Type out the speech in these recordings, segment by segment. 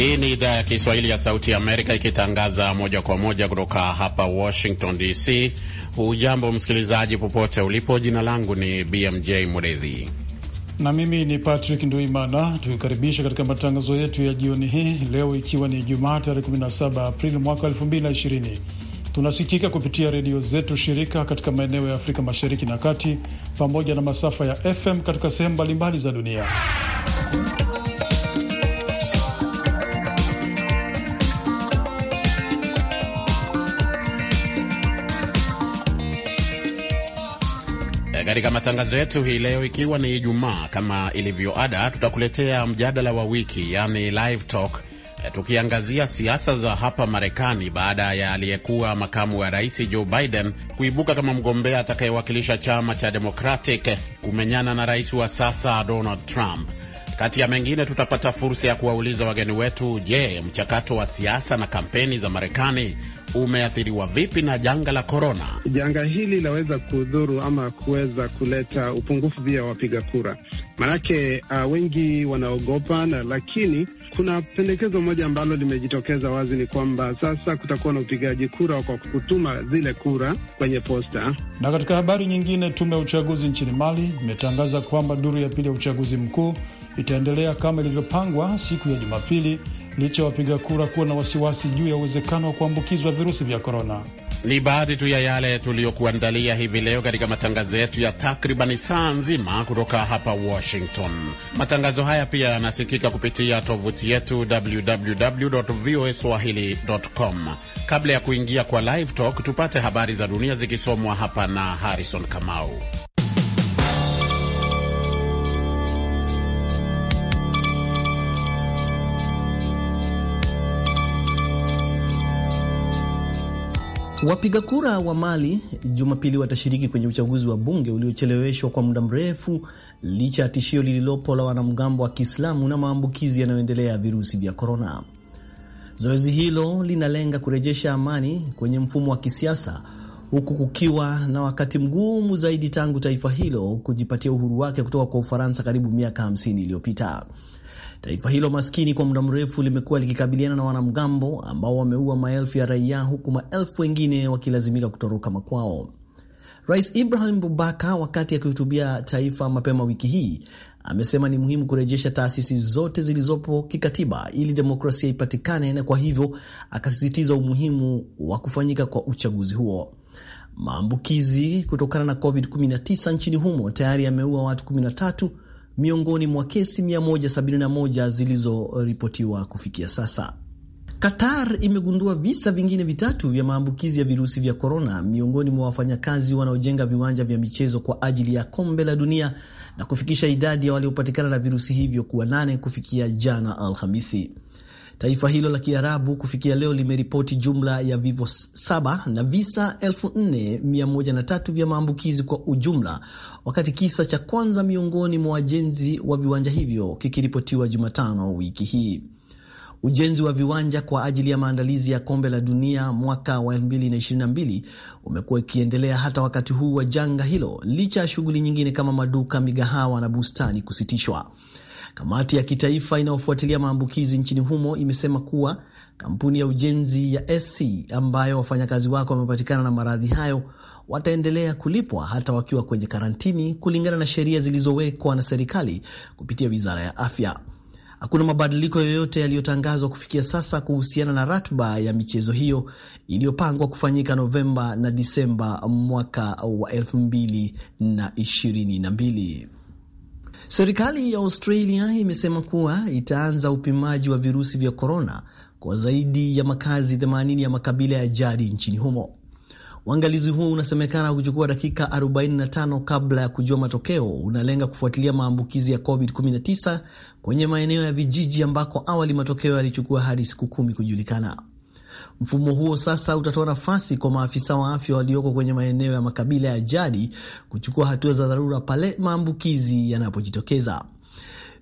Hii ni idhaa ya Kiswahili ya Sauti ya Amerika ikitangaza moja kwa moja kutoka hapa Washington DC. Hujambo msikilizaji, popote ulipo. Jina langu ni BMJ Mridhi na mimi ni Patrick Nduimana, tukikaribisha katika matangazo yetu ya jioni hii leo, ikiwa ni Jumaa tarehe 17 Aprili mwaka 2020. Tunasikika kupitia redio zetu shirika katika maeneo ya Afrika Mashariki na Kati pamoja na masafa ya FM katika sehemu mbalimbali za dunia Katika matangazo yetu hii leo, ikiwa ni Ijumaa, kama ilivyo ada, tutakuletea mjadala wa wiki, yani live talk, eh, tukiangazia siasa za hapa Marekani baada ya aliyekuwa makamu wa rais Joe Biden kuibuka kama mgombea atakayewakilisha chama cha Democratic kumenyana na rais wa sasa Donald Trump. Kati ya mengine, tutapata fursa ya kuwauliza wageni wetu, je, mchakato wa siasa na kampeni za Marekani umeathiriwa vipi na janga la korona? Janga hili laweza kudhuru ama kuweza kuleta upungufu pia wapiga kura, maanake uh, wengi wanaogopa na, lakini kuna pendekezo moja ambalo limejitokeza wazi ni kwamba sasa kutakuwa na upigaji kura kwa kutuma zile kura kwenye posta. Na katika habari nyingine, tume ya uchaguzi nchini Mali imetangaza kwamba duru ya pili ya uchaguzi mkuu itaendelea kama ilivyopangwa siku ya Jumapili licha ya wapiga kura kuwa na wasiwasi juu ya uwezekano wa kuambukizwa virusi vya korona. Ni baadhi tu ya yale tuliyokuandalia hivi leo katika matangazo yetu ya takribani saa nzima kutoka hapa Washington. Matangazo haya pia yanasikika kupitia tovuti yetu www.voaswahili.com. Kabla ya kuingia kwa live talk, tupate habari za dunia zikisomwa hapa na Harrison Kamau. Wapiga kura wa Mali Jumapili watashiriki kwenye uchaguzi wa bunge uliocheleweshwa kwa muda mrefu licha ya tishio lililopo la wanamgambo wa Kiislamu na maambukizi yanayoendelea ya virusi vya korona. Zoezi hilo linalenga kurejesha amani kwenye mfumo wa kisiasa huku kukiwa na wakati mgumu zaidi tangu taifa hilo kujipatia uhuru wake kutoka kwa Ufaransa karibu miaka 50 iliyopita. Taifa hilo maskini kwa muda mrefu limekuwa likikabiliana na wanamgambo ambao wameua maelfu ya raia huku maelfu wengine wakilazimika kutoroka makwao. Rais Ibrahim Bubakar, wakati akihutubia taifa mapema wiki hii, amesema ni muhimu kurejesha taasisi zote zilizopo kikatiba ili demokrasia ipatikane, na kwa hivyo akasisitiza umuhimu wa kufanyika kwa uchaguzi huo. Maambukizi kutokana na COVID-19 nchini humo tayari yameua watu 13 miongoni mwa kesi 171 zilizoripotiwa kufikia sasa. Qatar imegundua visa vingine vitatu vya maambukizi ya virusi vya korona miongoni mwa wafanyakazi wanaojenga viwanja vya michezo kwa ajili ya kombe la dunia na kufikisha idadi ya waliopatikana na virusi hivyo kuwa nane kufikia jana Alhamisi. Taifa hilo la Kiarabu kufikia leo limeripoti jumla ya vifo saba na visa 4103 vya maambukizi kwa ujumla, wakati kisa cha kwanza miongoni mwa wajenzi wa viwanja hivyo kikiripotiwa Jumatano wiki hii. Ujenzi wa viwanja kwa ajili ya maandalizi ya kombe la dunia mwaka wa 2022 umekuwa ukiendelea hata wakati huu wa janga hilo, licha ya shughuli nyingine kama maduka, migahawa na bustani kusitishwa. Kamati ya kitaifa inayofuatilia maambukizi nchini humo imesema kuwa kampuni ya ujenzi ya SC ambayo wafanyakazi wake wamepatikana na maradhi hayo wataendelea kulipwa hata wakiwa kwenye karantini kulingana na sheria zilizowekwa na serikali kupitia wizara ya afya. Hakuna mabadiliko yoyote yaliyotangazwa kufikia sasa kuhusiana na ratiba ya michezo hiyo iliyopangwa kufanyika Novemba na Disemba mwaka wa 222 Serikali ya Australia imesema kuwa itaanza upimaji wa virusi vya korona kwa zaidi ya makazi 80 ya makabila ya jadi nchini humo. Uangalizi huo unasemekana kuchukua dakika 45 kabla ya kujua matokeo. Unalenga kufuatilia maambukizi ya COVID-19 kwenye maeneo ya vijiji ambako awali matokeo yalichukua hadi siku kumi kujulikana. Mfumo huo sasa utatoa nafasi kwa maafisa wa afya walioko kwenye maeneo ya makabila ya jadi kuchukua hatua za dharura pale maambukizi yanapojitokeza.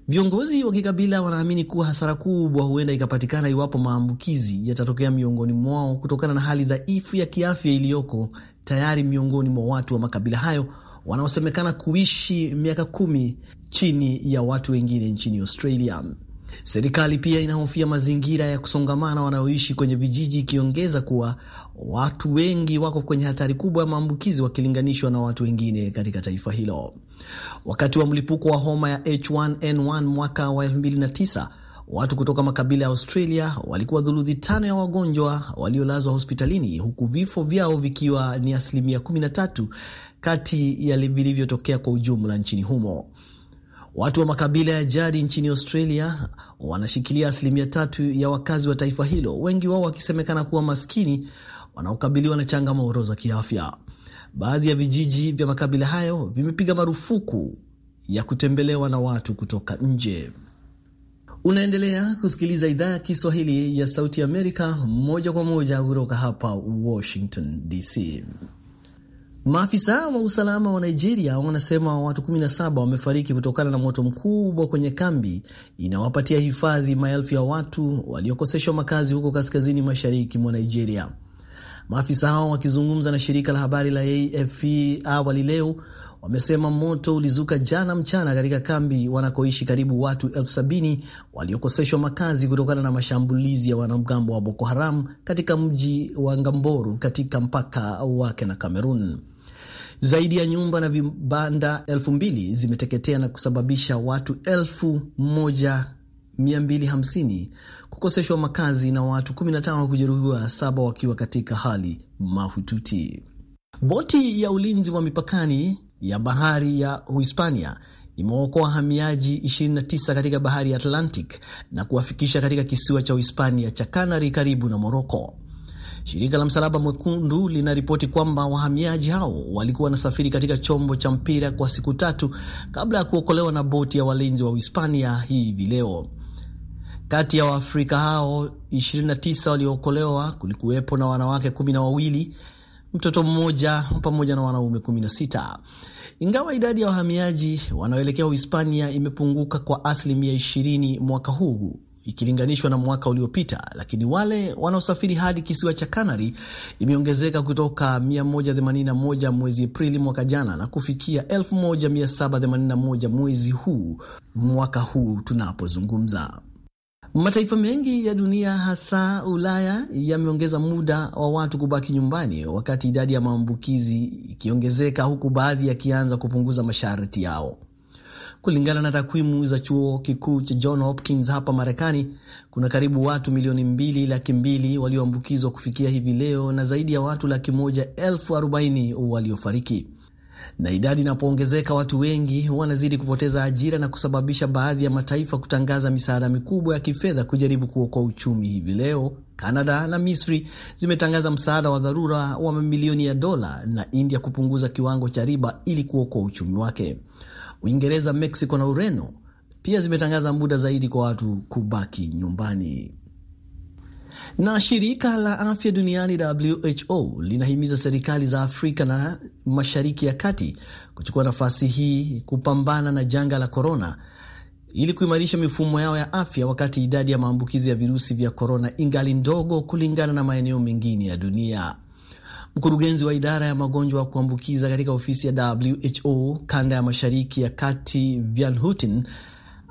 Viongozi wa kikabila wanaamini kuwa hasara kubwa huenda ikapatikana iwapo maambukizi yatatokea miongoni mwao kutokana na hali dhaifu ya kiafya iliyoko tayari miongoni mwa watu wa makabila hayo wanaosemekana kuishi miaka kumi chini ya watu wengine nchini Australia. Serikali pia inahofia mazingira ya kusongamana wanaoishi kwenye vijiji, ikiongeza kuwa watu wengi wako kwenye hatari kubwa ya maambukizi wakilinganishwa na watu wengine katika taifa hilo. Wakati wa mlipuko wa homa ya H1N1 mwaka wa 2009 watu kutoka makabila ya Australia walikuwa dhuluthi tano ya wagonjwa waliolazwa hospitalini, huku vifo vyao vikiwa ni asilimia 13 kati ya vilivyotokea kwa ujumla nchini humo. Watu wa makabila ya jadi nchini Australia wanashikilia asilimia tatu ya wakazi wa taifa hilo, wengi wao wakisemekana kuwa maskini wanaokabiliwa na changamoto za kiafya. Baadhi ya vijiji vya makabila hayo vimepiga marufuku ya kutembelewa na watu kutoka nje. Unaendelea kusikiliza idhaa ya Kiswahili ya Sauti Amerika moja kwa moja kutoka hapa Washington DC. Maafisa wa usalama wa Nigeria wanasema watu 17 wamefariki kutokana na moto mkubwa kwenye kambi inawapatia hifadhi maelfu ya watu waliokoseshwa makazi huko kaskazini mashariki mwa Nigeria. Maafisa hao wakizungumza na shirika la habari la AFP awali leo wamesema moto ulizuka jana mchana katika kambi wanakoishi karibu watu elfu sabini waliokoseshwa makazi kutokana na mashambulizi ya wanamgambo wa Boko Haram katika mji wa Ngamboru katika mpaka wake na Kamerun. Zaidi ya nyumba na vibanda elfu mbili zimeteketea na kusababisha watu elfu moja 250 kukoseshwa makazi na watu 15 kujeruhiwa, saba wakiwa katika hali mahututi. Boti ya ulinzi wa mipakani ya bahari ya Uhispania imewaokoa wahamiaji 29 katika bahari ya Atlantic na kuwafikisha katika kisiwa cha Uhispania cha kanari karibu na Moroko. Shirika la Msalaba Mwekundu linaripoti kwamba wahamiaji hao walikuwa wanasafiri katika chombo cha mpira kwa siku tatu kabla ya kuokolewa na boti ya walinzi wa Uhispania hivi leo. Kati ya Waafrika hao 29 waliookolewa kulikuwepo na wanawake kumi na wawili, mtoto mmoja pamoja na wanaume 16. Ingawa idadi ya wahamiaji wanaoelekea Uhispania imepunguka kwa asilimia 20 mwaka huu ikilinganishwa na mwaka uliopita, lakini wale wanaosafiri hadi kisiwa cha Kanari imeongezeka kutoka 181 mwezi Aprili mwaka jana na kufikia 1781 mwezi huu mwaka huu tunapozungumza. Mataifa mengi ya dunia hasa Ulaya yameongeza muda wa watu kubaki nyumbani wakati idadi ya maambukizi ikiongezeka, huku baadhi yakianza kupunguza masharti yao. Kulingana na takwimu za chuo kikuu cha John Hopkins hapa Marekani, kuna karibu watu milioni mbili laki mbili walioambukizwa kufikia hivi leo na zaidi ya watu laki moja elfu arobaini waliofariki. Na idadi inapoongezeka, watu wengi wanazidi kupoteza ajira na kusababisha baadhi ya mataifa kutangaza misaada mikubwa ya kifedha kujaribu kuokoa uchumi. Hivi leo Kanada na Misri zimetangaza msaada wa dharura wa mamilioni ya dola na India kupunguza kiwango cha riba ili kuokoa uchumi wake. Uingereza, Mexico na Ureno pia zimetangaza muda zaidi kwa watu kubaki nyumbani. Na shirika la afya duniani WHO linahimiza serikali za Afrika na Mashariki ya Kati kuchukua nafasi hii kupambana na janga la korona ili kuimarisha mifumo yao ya afya, wakati idadi ya maambukizi ya virusi vya korona ingali ndogo kulingana na maeneo mengine ya dunia. Mkurugenzi wa idara ya magonjwa ya kuambukiza katika ofisi ya WHO kanda ya mashariki ya kati, Van Houten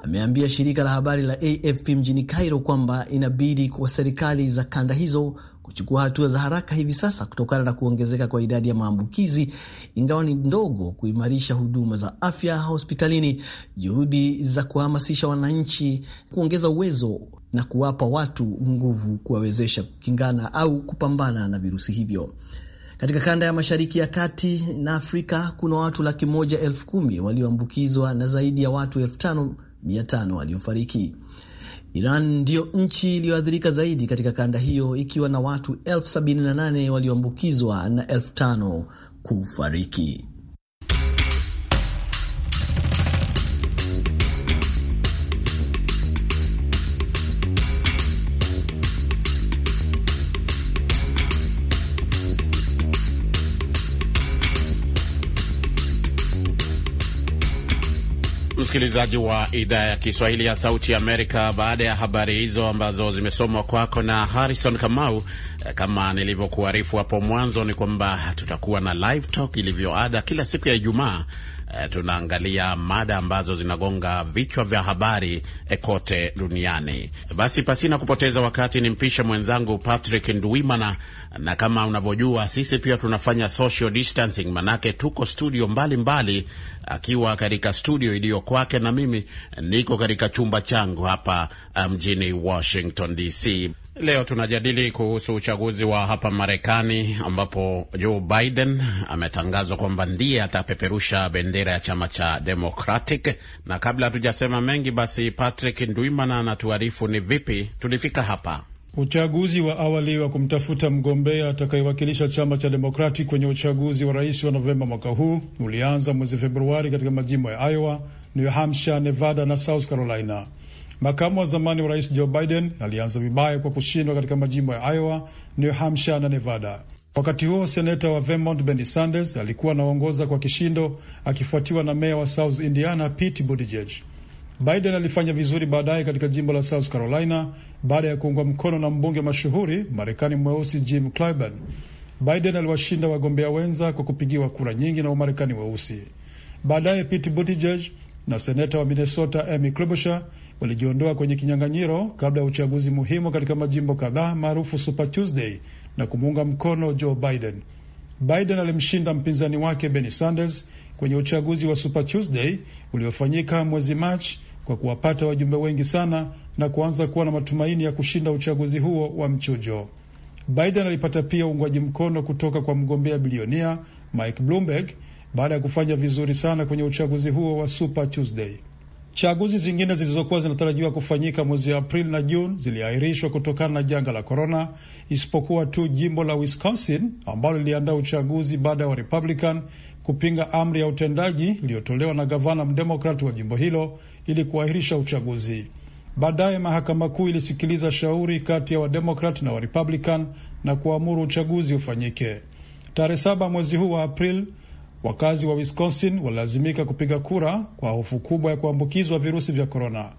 ameambia shirika la habari la AFP mjini Cairo kwamba inabidi kwa serikali za kanda hizo kuchukua hatua za haraka hivi sasa kutokana na kuongezeka kwa idadi ya maambukizi, ingawa ni ndogo, kuimarisha huduma za afya hospitalini, juhudi za kuhamasisha wananchi, kuongeza uwezo na kuwapa watu nguvu, kuwawezesha kukingana au kupambana na virusi hivyo. Katika kanda ya mashariki ya kati na Afrika kuna watu laki moja elfu kumi walioambukizwa na zaidi ya watu elfu tano mia tano waliofariki. Iran ndiyo nchi iliyoathirika zaidi katika kanda hiyo ikiwa na watu elfu sabini na nane walioambukizwa na elfu tano kufariki. msikilizaji wa idhaa ya Kiswahili ya Sauti Amerika. Baada ya habari hizo ambazo zimesomwa kwako na Harrison Kamau, eh, kama nilivyokuarifu hapo mwanzo, ni kwamba tutakuwa na live talk ilivyo ada kila siku ya Ijumaa e, tunaangalia mada ambazo zinagonga vichwa vya habari eh, kote duniani. Basi pasina kupoteza wakati, ni mpishe mwenzangu Patrick Ndwimana, na kama unavyojua sisi pia tunafanya social distancing, manake tuko studio mbalimbali mbali, akiwa katika studio iliyo kwake na mimi niko katika chumba changu hapa eh, mjini Washington DC. Leo tunajadili kuhusu uchaguzi wa hapa Marekani ambapo Joe Biden ametangazwa kwamba ndiye atapeperusha bendera ya chama cha Democratic. Na kabla hatujasema mengi, basi Patrick Ndwimana anatuarifu ni vipi tulifika hapa. Uchaguzi wa awali wa kumtafuta mgombea atakayewakilisha chama cha Demokrati kwenye uchaguzi wa rais wa Novemba mwaka huu ulianza mwezi Februari katika majimbo ya Iowa, New Hampshire, Nevada na South Carolina. Makamu wa zamani wa rais Joe Biden alianza vibaya kwa kushindwa katika majimbo ya Iowa, New Hampshire na Nevada. Wakati huo seneta wa Vermont Bernie Sanders alikuwa anaongoza kwa kishindo akifuatiwa na meya wa South Indiana Pete Buttigieg. Biden alifanya vizuri baadaye katika jimbo la South Carolina baada ya kuungwa mkono na mbunge mashuhuri Marekani mweusi Jim Clyburn. Biden aliwashinda wagombea wenza kwa kupigiwa kura nyingi na umarekani weusi. Baadaye Pete Buttigieg na seneta wa Minnesota Amy Klobuchar walijiondoa kwenye kinyang'anyiro kabla ya uchaguzi muhimu katika majimbo kadhaa maarufu Super Tuesday na kumuunga mkono Joe Biden. Biden alimshinda mpinzani wake Bernie Sanders kwenye uchaguzi wa Super Tuesday uliofanyika mwezi Machi kwa kuwapata wajumbe wengi sana na kuanza kuwa na matumaini ya kushinda uchaguzi huo wa mchujo. Biden alipata pia uungwaji mkono kutoka kwa mgombea bilionia Mike Bloomberg baada ya kufanya vizuri sana kwenye uchaguzi huo wa Super Tuesday. Chaguzi zingine zilizokuwa zinatarajiwa kufanyika mwezi Aprili na Juni ziliahirishwa kutokana na janga la korona, isipokuwa tu jimbo la Wisconsin ambalo liliandaa uchaguzi baada ya Warepublican kupinga amri ya utendaji iliyotolewa na gavana mdemokrat wa jimbo hilo ili kuahirisha uchaguzi. Baadaye mahakama kuu ilisikiliza shauri kati ya Wademokrat na Warepublican na kuamuru uchaguzi ufanyike tarehe saba mwezi huu wa Aprili. Wakazi wa Wisconsin walilazimika kupiga kura kwa hofu kubwa ya kuambukizwa virusi vya korona.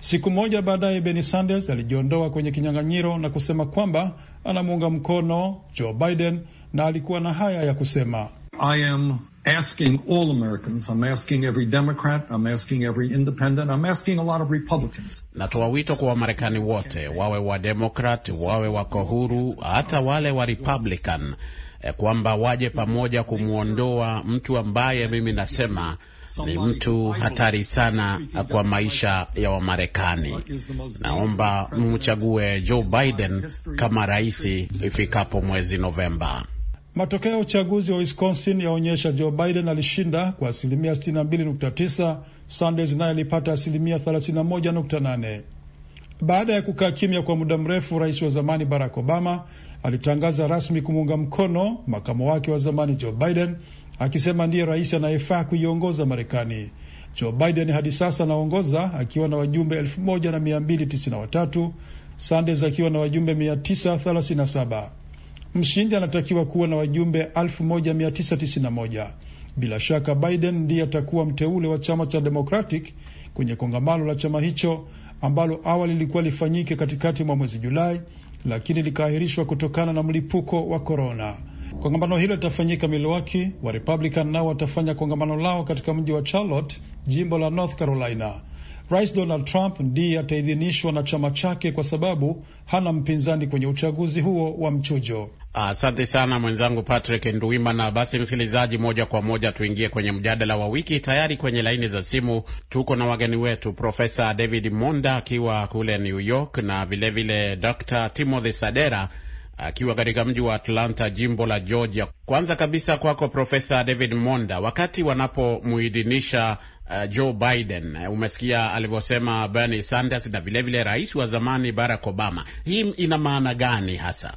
Siku moja baadaye, Bernie Sanders alijiondoa kwenye kinyang'anyiro na kusema kwamba anamuunga mkono Joe Biden na alikuwa na haya ya kusema: I am asking all Americans, I'm asking every Democrat, I'm asking every independent, I'm asking a lot of Republicans. Natoa wito kwa Wamarekani wote wawe wa wawe wako huru, hata wale wa Republican kwamba waje pamoja kumwondoa mtu ambaye mimi nasema ni mtu hatari sana kwa maisha ya Wamarekani. Naomba mchague Joe Biden kama raisi ifikapo mwezi Novemba. Matokeo ya uchaguzi wa Wisconsin yaonyesha Joe Biden alishinda kwa asilimia 62.9. Sanders naye alipata asilimia 31.8. Baada ya kukaa kimya kwa muda mrefu, rais wa zamani Barack Obama alitangaza rasmi kumuunga mkono makamo wake wa zamani Joe Biden akisema ndiye rais anayefaa kuiongoza Marekani. Joe Biden hadi sasa anaongoza akiwa na wajumbe 1293 sandes Sanders akiwa na wajumbe 937. Mshindi anatakiwa kuwa na wajumbe 1991 Bila shaka Biden ndiye atakuwa mteule wa chama cha Democratic kwenye kongamano la chama hicho ambalo awali lilikuwa lifanyike katikati mwa mwezi Julai, lakini likaahirishwa kutokana na mlipuko wa korona. Kongamano hilo litafanyika Milwaukee. Wa Republican nao watafanya kongamano lao katika mji wa Charlotte, jimbo la North Carolina. Rais Donald Trump ndiye ataidhinishwa na chama chake kwa sababu hana mpinzani kwenye uchaguzi huo wa mchujo. Asante uh, sana mwenzangu Patrick Na Basi msikilizaji, moja kwa moja tuingie kwenye mjadala wa wiki. Tayari kwenye laini za simu tuko na wageni wetu Profesa David Monda akiwa kule New York na vilevile Dr Timothy Sadera akiwa katika mji wa Atlanta, jimbo la Georgia. Kwanza kabisa kwako Profesa David Monda, wakati wanapomuidhinisha uh, Joe Biden, eh, umesikia alivyosema Bernie Sanders na vilevile rais wa zamani Barack Obama. Hii ina maana gani hasa?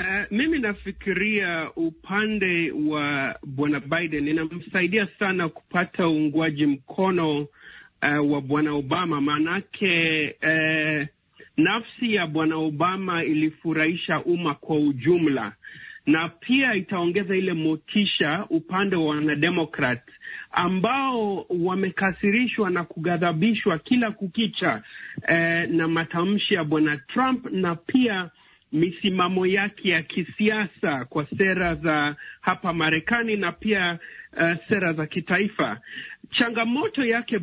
Uh, mimi nafikiria upande wa bwana Biden inamsaidia sana kupata uungwaji mkono uh, wa bwana Obama, maanake uh, nafsi ya bwana Obama ilifurahisha umma kwa ujumla, na pia itaongeza ile motisha upande wa wanademokrat ambao wamekasirishwa na kughadhabishwa kila kukicha uh, na matamshi ya bwana Trump na pia misimamo yake ya kisiasa kwa sera za hapa Marekani na pia uh, sera za kitaifa. Changamoto yake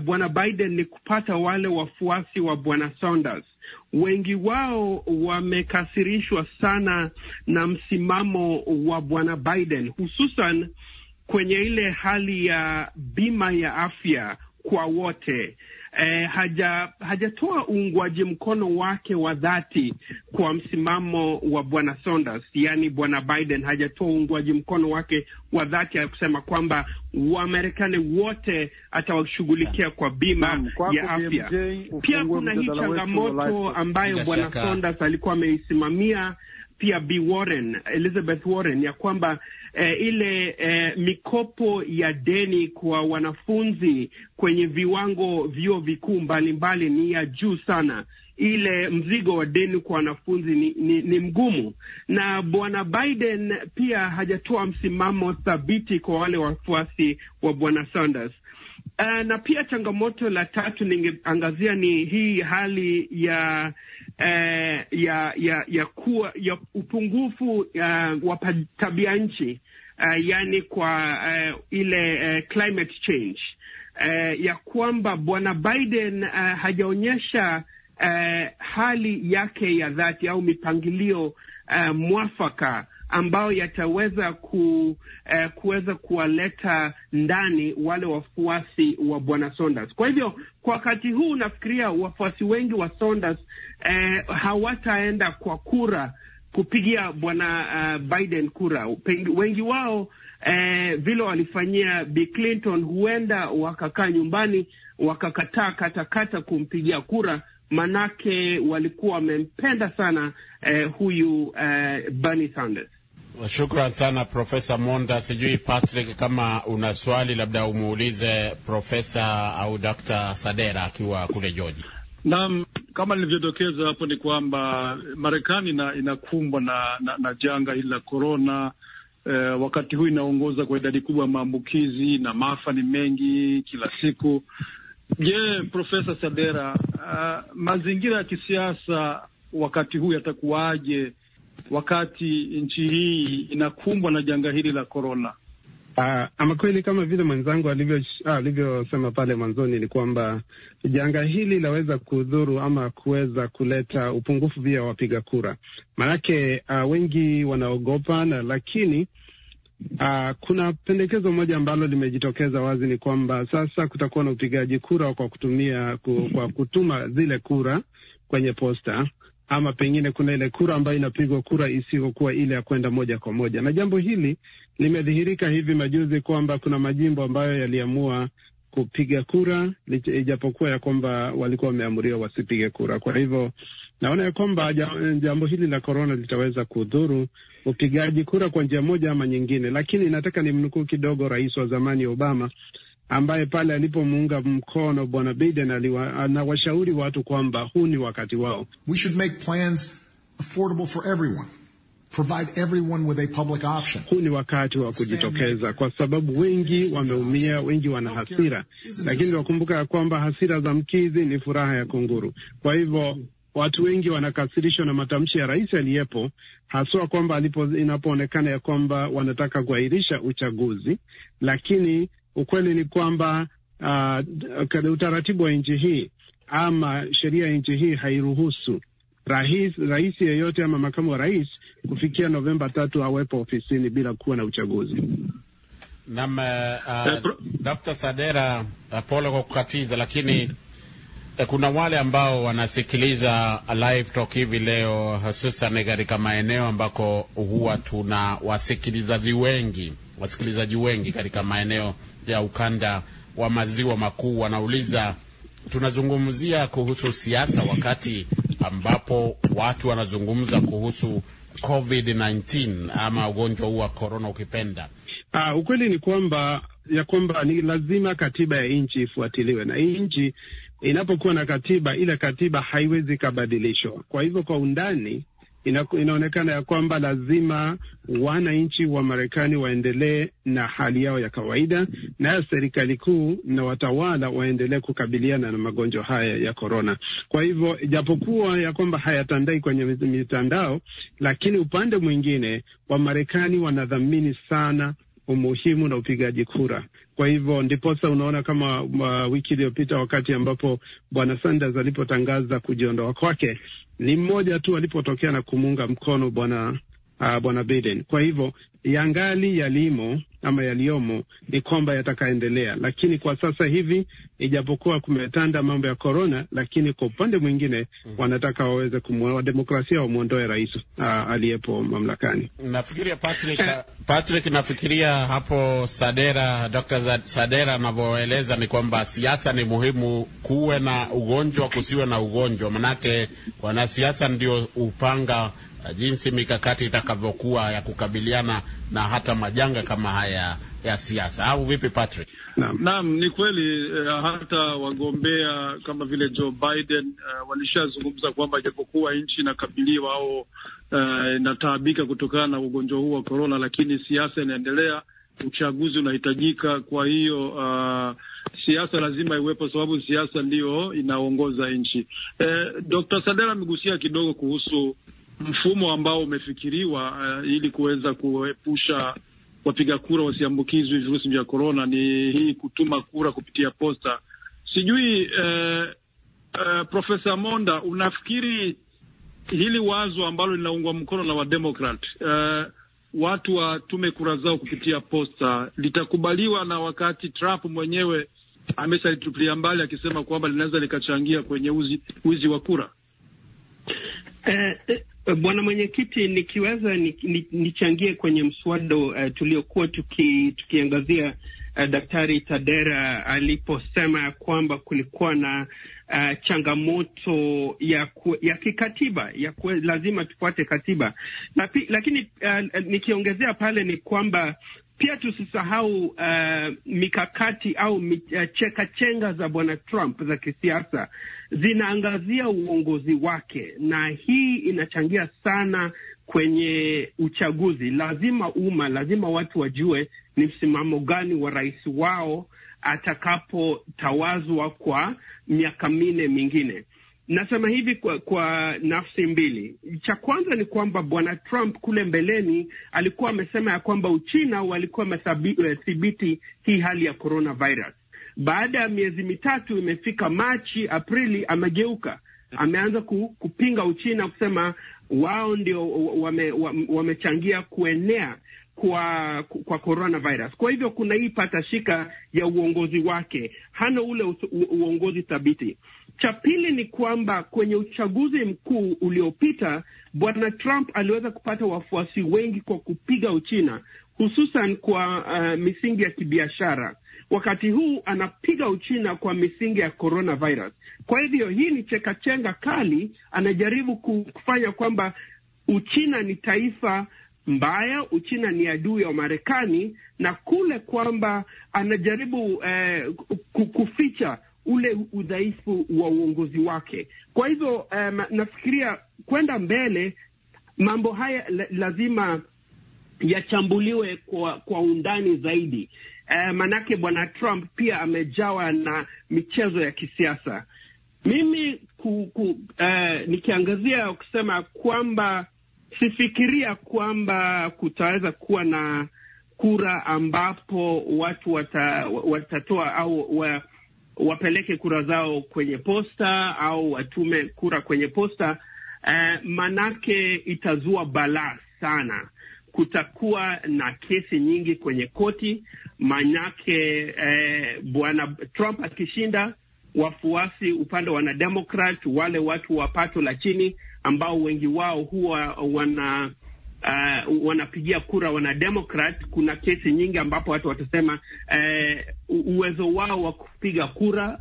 bwana Biden ni kupata wale wafuasi wa bwana Sanders. Wengi wao wamekasirishwa sana na msimamo wa bwana Biden, hususan kwenye ile hali ya bima ya afya kwa wote eh, haja, hajatoa uungwaji mkono wake wa dhati kwa msimamo wa bwana Sanders, yaani bwana Biden hajatoa uungwaji mkono wake wa dhati ya kusema kwamba Wamarekani wote atawashughulikia kwa bima ya afya. Pia kuna hii changamoto ambayo bwana Sanders alikuwa ameisimamia pia B Warren, Elizabeth Warren ya kwamba eh, ile eh, mikopo ya deni kwa wanafunzi kwenye viwango vyuo vikuu mbalimbali ni ya juu sana. Ile mzigo wa deni kwa wanafunzi ni, ni, ni mgumu, na bwana Biden pia hajatoa msimamo thabiti kwa wale wafuasi wa bwana Sanders. Uh, na pia changamoto la tatu ningeangazia ni hii hali ya uh, ya ya ya kuwa ya upungufu uh, wa tabia nchi uh, yaani kwa uh, ile uh, climate change uh, ya kwamba bwana Biden uh, hajaonyesha uh, hali yake ya dhati au mipangilio uh, mwafaka ambayo yataweza ku, eh, kuweza kuwaleta ndani wale wafuasi wa bwana Saunders. Kwa hivyo kwa wakati huu nafikiria wafuasi wengi wa Saunders eh, hawataenda kwa kura kupigia bwana uh, Biden kura. Wengi wao eh, vile walifanyia Bi Clinton, huenda wakakaa nyumbani wakakataa katakata kumpigia kura, manake walikuwa wamempenda sana eh, huyu eh, Bernie Sanders. Shukran sana Profesa Monda. Sijui Patrick kama una swali labda umuulize Profesa au Dr. Sadera akiwa kule Georgia. Naam, kama nilivyodokeza hapo ni kwamba Marekani inakumbwa na, na, na janga hili la korona. Eh, wakati huu inaongoza kwa idadi kubwa ya maambukizi na maafa ni mengi kila siku. Je, Profesa Sadera, uh, mazingira ya kisiasa wakati huu yatakuwaje? wakati nchi hii inakumbwa na janga hili la korona. Uh, ah, ama kweli kama vile mwenzangu ah, alivyosema ah, pale mwanzoni ni kwamba janga hili linaweza kudhuru ama kuweza kuleta upungufu pia wapiga kura, maanake uh, ah, wengi wanaogopa na lakini Uh, kuna pendekezo moja ambalo limejitokeza wazi ni kwamba sasa kutakuwa na upigaji kura kwa kutumia ku, kwa kutuma zile kura kwenye posta ama pengine kuna ile kura ambayo inapigwa kura isiyokuwa ile ya kwenda moja kwa moja. Na jambo hili limedhihirika hivi majuzi kwamba kuna majimbo ambayo yaliamua kupiga kura ijapokuwa ya kwamba walikuwa wameamuriwa wasipige kura. Kwa hivyo naona ya kwamba jambo hili la korona litaweza kudhuru upigaji kura kwa njia moja ama nyingine, lakini nataka nimnukuu kidogo rais wa zamani Obama ambaye pale alipomuunga mkono bwana Biden anawashauri watu kwamba huu ni wakati wao. We should make plans affordable for everyone. Provide everyone with a public option. Huu ni wakati wa kujitokeza kwa sababu wengi wameumia, wengi wana hasira, lakini wakumbuka ya kwamba hasira za mkizi ni furaha ya kunguru. Kwa hivyo watu wengi wanakasirishwa na matamshi ya rais aliyepo, haswa kwamba inapoonekana ya kwamba wanataka kuahirisha uchaguzi, lakini Ukweli ni kwamba uh, utaratibu wa nchi hii ama sheria ya nchi hii hairuhusu rais, rais yeyote ama makamu wa rais kufikia Novemba tatu awepo ofisini bila kuwa na uchaguzi. Nam uh, eh, eh, ah, Dr. Sadera, uh, pole kwa kukatiza, lakini eh, kuna wale ambao wanasikiliza live talk hivi leo, hususan katika maeneo ambako huwa tuna wasikilizaji wengi wasikilizaji wengi katika maeneo ya ukanda wa maziwa makuu wanauliza, tunazungumzia kuhusu siasa wakati ambapo watu wanazungumza kuhusu COVID-19 ama ugonjwa huu wa korona ukipenda. Uh, ukweli ni kwamba ya kwamba ni lazima katiba ya nchi ifuatiliwe na hii nchi inapokuwa na katiba, ile katiba haiwezi ikabadilishwa. Kwa hivyo kwa undani ina, inaonekana ya kwamba lazima wananchi wa Marekani waendelee na hali yao ya kawaida, nayo serikali kuu na watawala waendelee kukabiliana na magonjwa haya ya korona. Kwa hivyo, ijapokuwa ya kwamba hayatandai kwenye mitandao, lakini upande mwingine Wamarekani wanadhamini sana umuhimu na upigaji kura. Kwa hivyo ndiposa unaona kama uh, wiki iliyopita wakati ambapo bwana Sanders alipotangaza kujiondoa kwake, ni mmoja tu alipotokea na kumuunga mkono bwana uh, bwana Biden. Kwa hivyo yangali yalimo ama yaliyomo ni kwamba yatakaendelea, lakini kwa sasa hivi, ijapokuwa kumetanda mambo ya korona, lakini kwa upande mwingine mm wanataka waweze kumwa demokrasia wamwondoe rais aliyepo mamlakani. Nafikiria Patrick, Patrick, nafikiria hapo Sadera, Dr. Sadera anavyoeleza ni kwamba siasa ni muhimu, kuwe na ugonjwa kusiwe na ugonjwa, manake wanasiasa ndio upanga jinsi mikakati itakavyokuwa ya kukabiliana na hata majanga kama haya ya, ya siasa au vipi Patrick? Naam, naam, ni kweli eh, hata wagombea kama vile Joe Biden eh, walishazungumza kwamba japokuwa nchi inakabiliwa au eh, inataabika kutokana na ugonjwa huu wa korona, lakini siasa inaendelea, uchaguzi unahitajika. Kwa hiyo uh, siasa lazima iwepo, sababu siasa ndiyo inaongoza nchi. Eh, Dr. Sadera amegusia kidogo kuhusu mfumo ambao umefikiriwa uh, ili kuweza kuepusha wapiga kura wasiambukizwe virusi vya korona ni hii kutuma kura kupitia posta. Sijui uh, eh, uh, eh, Profesa Monda, unafikiri hili wazo ambalo linaungwa mkono na Wademokrat uh, watu watume kura zao kupitia posta litakubaliwa na wakati Trump mwenyewe ameshalitupilia mbali akisema kwamba linaweza likachangia kwenye wizi wa kura? Eh, eh, Bwana Mwenyekiti, nikiweza nichangie kwenye mswada uh, tuliokuwa tuki, tukiangazia uh, Daktari Tadera aliposema ya kwamba kulikuwa na Uh, changamoto ya ku, ya kikatiba ya ku, lazima tufuate katiba na pi, lakini uh, nikiongezea pale ni kwamba pia tusisahau uh, mikakati au uh, chekachenga za Bwana Trump za kisiasa zinaangazia uongozi wake, na hii inachangia sana kwenye uchaguzi. Lazima umma, lazima watu wajue ni msimamo gani wa rais wao atakapotawazwa kwa miaka minne mingine. Nasema hivi kwa, kwa nafsi mbili. Cha kwanza ni kwamba bwana Trump kule mbeleni alikuwa amesema ya kwamba Uchina walikuwa wamethibiti eh, hii hali ya coronavirus, baada ya miezi mitatu imefika Machi, Aprili, amegeuka ameanza ku, kupinga Uchina kusema wao ndio wamechangia wame kuenea kwa kwa coronavirus. Kwa hivyo kuna hii patashika ya uongozi wake, hana ule uongozi thabiti. Cha pili ni kwamba kwenye uchaguzi mkuu uliopita bwana Trump aliweza kupata wafuasi wengi kwa kupiga Uchina, hususan kwa uh, misingi ya kibiashara wakati huu anapiga Uchina kwa misingi ya coronavirus. Kwa hivyo hii ni chekachenga kali, anajaribu kufanya kwamba Uchina ni taifa mbaya, Uchina ni adui ya Marekani, na kule kwamba anajaribu eh, kuficha ule udhaifu wa uongozi wake. Kwa hivyo um, nafikiria kwenda mbele mambo haya lazima yachambuliwe kwa, kwa undani zaidi eh, manake bwana Trump pia amejawa na michezo ya kisiasa. Mimi ku, ku, eh, nikiangazia kusema kwamba sifikiria kwamba kutaweza kuwa na kura ambapo watu wata, watatoa au wa, wapeleke kura zao kwenye posta au watume kura kwenye posta eh, manake itazua balaa sana kutakuwa na kesi nyingi kwenye koti, manake eh, bwana Trump akishinda, wafuasi upande wa wanademokrat, wale watu wa pato la chini ambao wengi wao huwa wana Uh, wanapigia kura wanademokrat. Kuna kesi nyingi ambapo watu watasema uh, uwezo wao wa kupiga kura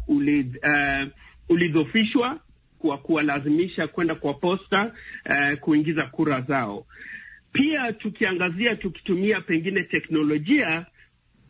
eh, ulidhofishwa uh, kwa kuwalazimisha kwenda kwa posta uh, kuingiza kura zao. Pia tukiangazia tukitumia pengine teknolojia,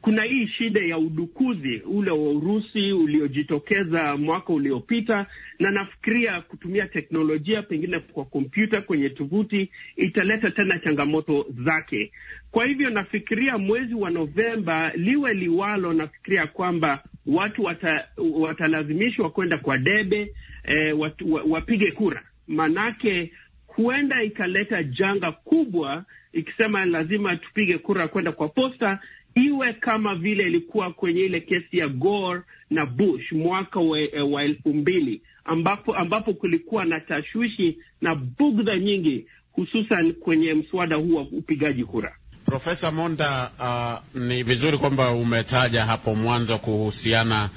kuna hii shida ya udukuzi ule wa Urusi uliojitokeza mwaka uliopita, na nafikiria kutumia teknolojia pengine kwa kompyuta kwenye tovuti italeta tena changamoto zake. Kwa hivyo nafikiria mwezi wa Novemba liwe liwalo, nafikiria kwamba watu wata, watalazimishwa kwenda kwa debe eh, watu, wapige kura manake huenda ikaleta janga kubwa, ikisema lazima tupige kura kwenda kwa posta, iwe kama vile ilikuwa kwenye ile kesi ya Gore na Bush mwaka eh, wa elfu mbili ambapo, ambapo kulikuwa na tashwishi na bugdha nyingi hususan kwenye mswada huu wa upigaji kura. Profesa Monda, uh, ni vizuri kwamba umetaja hapo mwanzo kuhusiana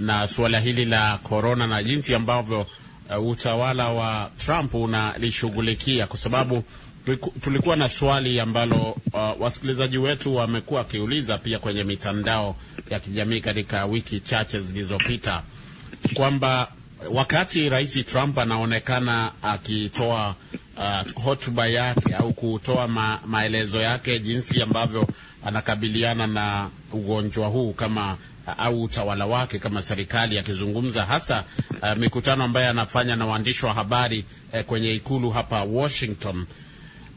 na suala hili la korona na jinsi ambavyo uh, utawala wa Trump unalishughulikia kwa sababu tulikuwa na swali ambalo uh, wasikilizaji wetu wamekuwa wakiuliza pia kwenye mitandao ya kijamii katika wiki chache zilizopita kwamba wakati Rais Trump anaonekana akitoa uh, hotuba yake au kutoa ma, maelezo yake jinsi ambavyo anakabiliana na ugonjwa huu kama au utawala wake kama serikali, akizungumza hasa uh, mikutano ambayo anafanya na waandishi wa habari uh, kwenye ikulu hapa Washington.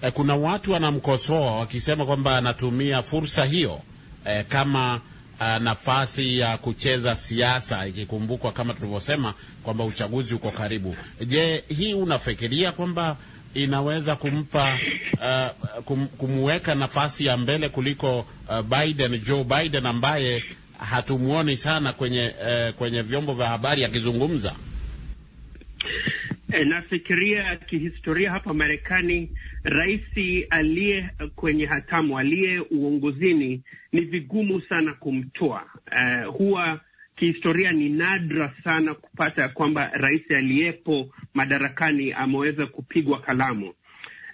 Uh, kuna watu wanamkosoa wakisema kwamba anatumia fursa hiyo uh, kama uh, nafasi ya kucheza siasa, ikikumbukwa kama tulivyosema kwamba uchaguzi uko karibu. Je, hii unafikiria kwamba inaweza kumpa uh, kum, kumweka nafasi ya mbele kuliko uh, Biden Joe Biden ambaye hatumwoni sana kwenye eh, kwenye vyombo vya habari akizungumza. E, nafikiria kihistoria hapa Marekani, rais aliye kwenye hatamu aliye uongozini ni vigumu sana kumtoa. Uh, huwa kihistoria ni nadra sana kupata kwamba rais aliyepo madarakani ameweza kupigwa kalamu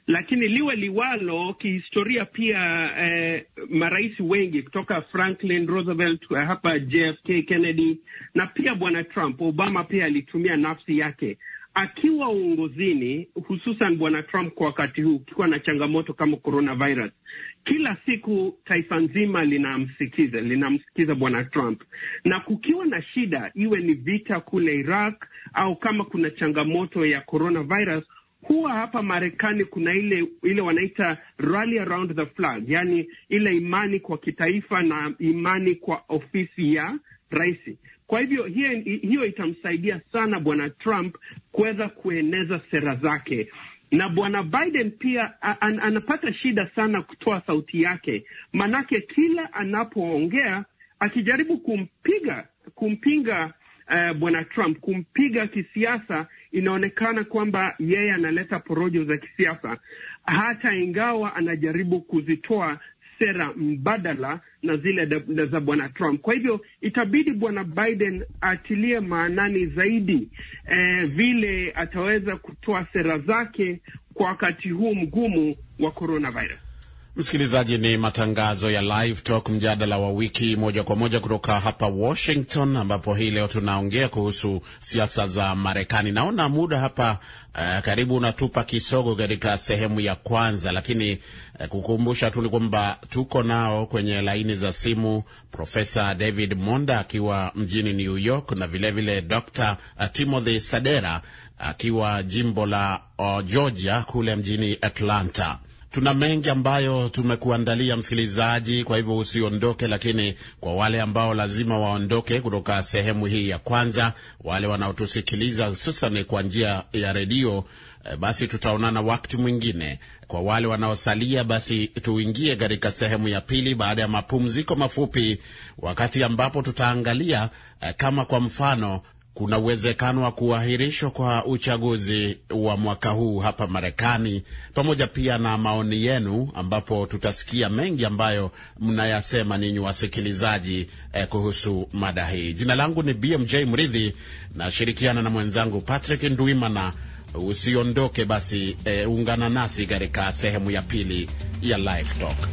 lakini liwe liwalo, kihistoria pia eh, marais wengi kutoka Franklin Roosevelt eh, hapa JFK, Kennedy na pia bwana Trump, Obama pia alitumia nafsi yake akiwa uongozini, hususan bwana Trump kwa wakati huu ukiwa na changamoto kama coronavirus, kila siku taifa nzima linamsikiza linamsikiza bwana Trump, na kukiwa na shida, iwe ni vita kule Iraq au kama kuna changamoto ya coronavirus huwa hapa Marekani kuna ile ile wanaita rally around the flag, yani ile imani kwa kitaifa na imani kwa ofisi ya rais. Kwa hivyo hiyo, hiyo itamsaidia sana bwana Trump kuweza kueneza sera zake na bwana Biden pia an, anapata shida sana kutoa sauti yake, manake kila anapoongea akijaribu kumpiga kumpinga uh, bwana Trump kumpiga kisiasa inaonekana kwamba yeye analeta porojo za kisiasa, hata ingawa anajaribu kuzitoa sera mbadala na zile za bwana Trump. Kwa hivyo itabidi bwana Biden atilie maanani zaidi eh, vile ataweza kutoa sera zake kwa wakati huu mgumu wa coronavirus. Msikilizaji, ni matangazo ya Live Talk, mjadala wa wiki, moja kwa moja kutoka hapa Washington, ambapo hii leo tunaongea kuhusu siasa za Marekani. Naona muda hapa uh, karibu unatupa kisogo katika sehemu ya kwanza, lakini uh, kukumbusha tu ni kwamba tuko nao kwenye laini za simu Profesa David Monda akiwa mjini New York na vilevile Dr. Eh, Timothy Sadera akiwa jimbo la oh, Georgia kule mjini Atlanta. Tuna mengi ambayo tumekuandalia msikilizaji, kwa hivyo usiondoke. Lakini kwa wale ambao lazima waondoke kutoka sehemu hii ya kwanza, wale wanaotusikiliza hususan kwa njia ya redio, eh, basi tutaonana wakati mwingine. Kwa wale wanaosalia, basi tuingie katika sehemu ya pili baada ya mapumziko mafupi, wakati ambapo tutaangalia eh, kama kwa mfano kuna uwezekano wa kuahirishwa kwa uchaguzi wa mwaka huu hapa Marekani, pamoja pia na maoni yenu, ambapo tutasikia mengi ambayo mnayasema ninyi wasikilizaji eh, kuhusu mada hii. Jina langu ni BMJ Mridhi, nashirikiana na mwenzangu Patrick Ndwimana. Usiondoke basi, eh, ungana nasi katika sehemu ya pili ya Live Talk.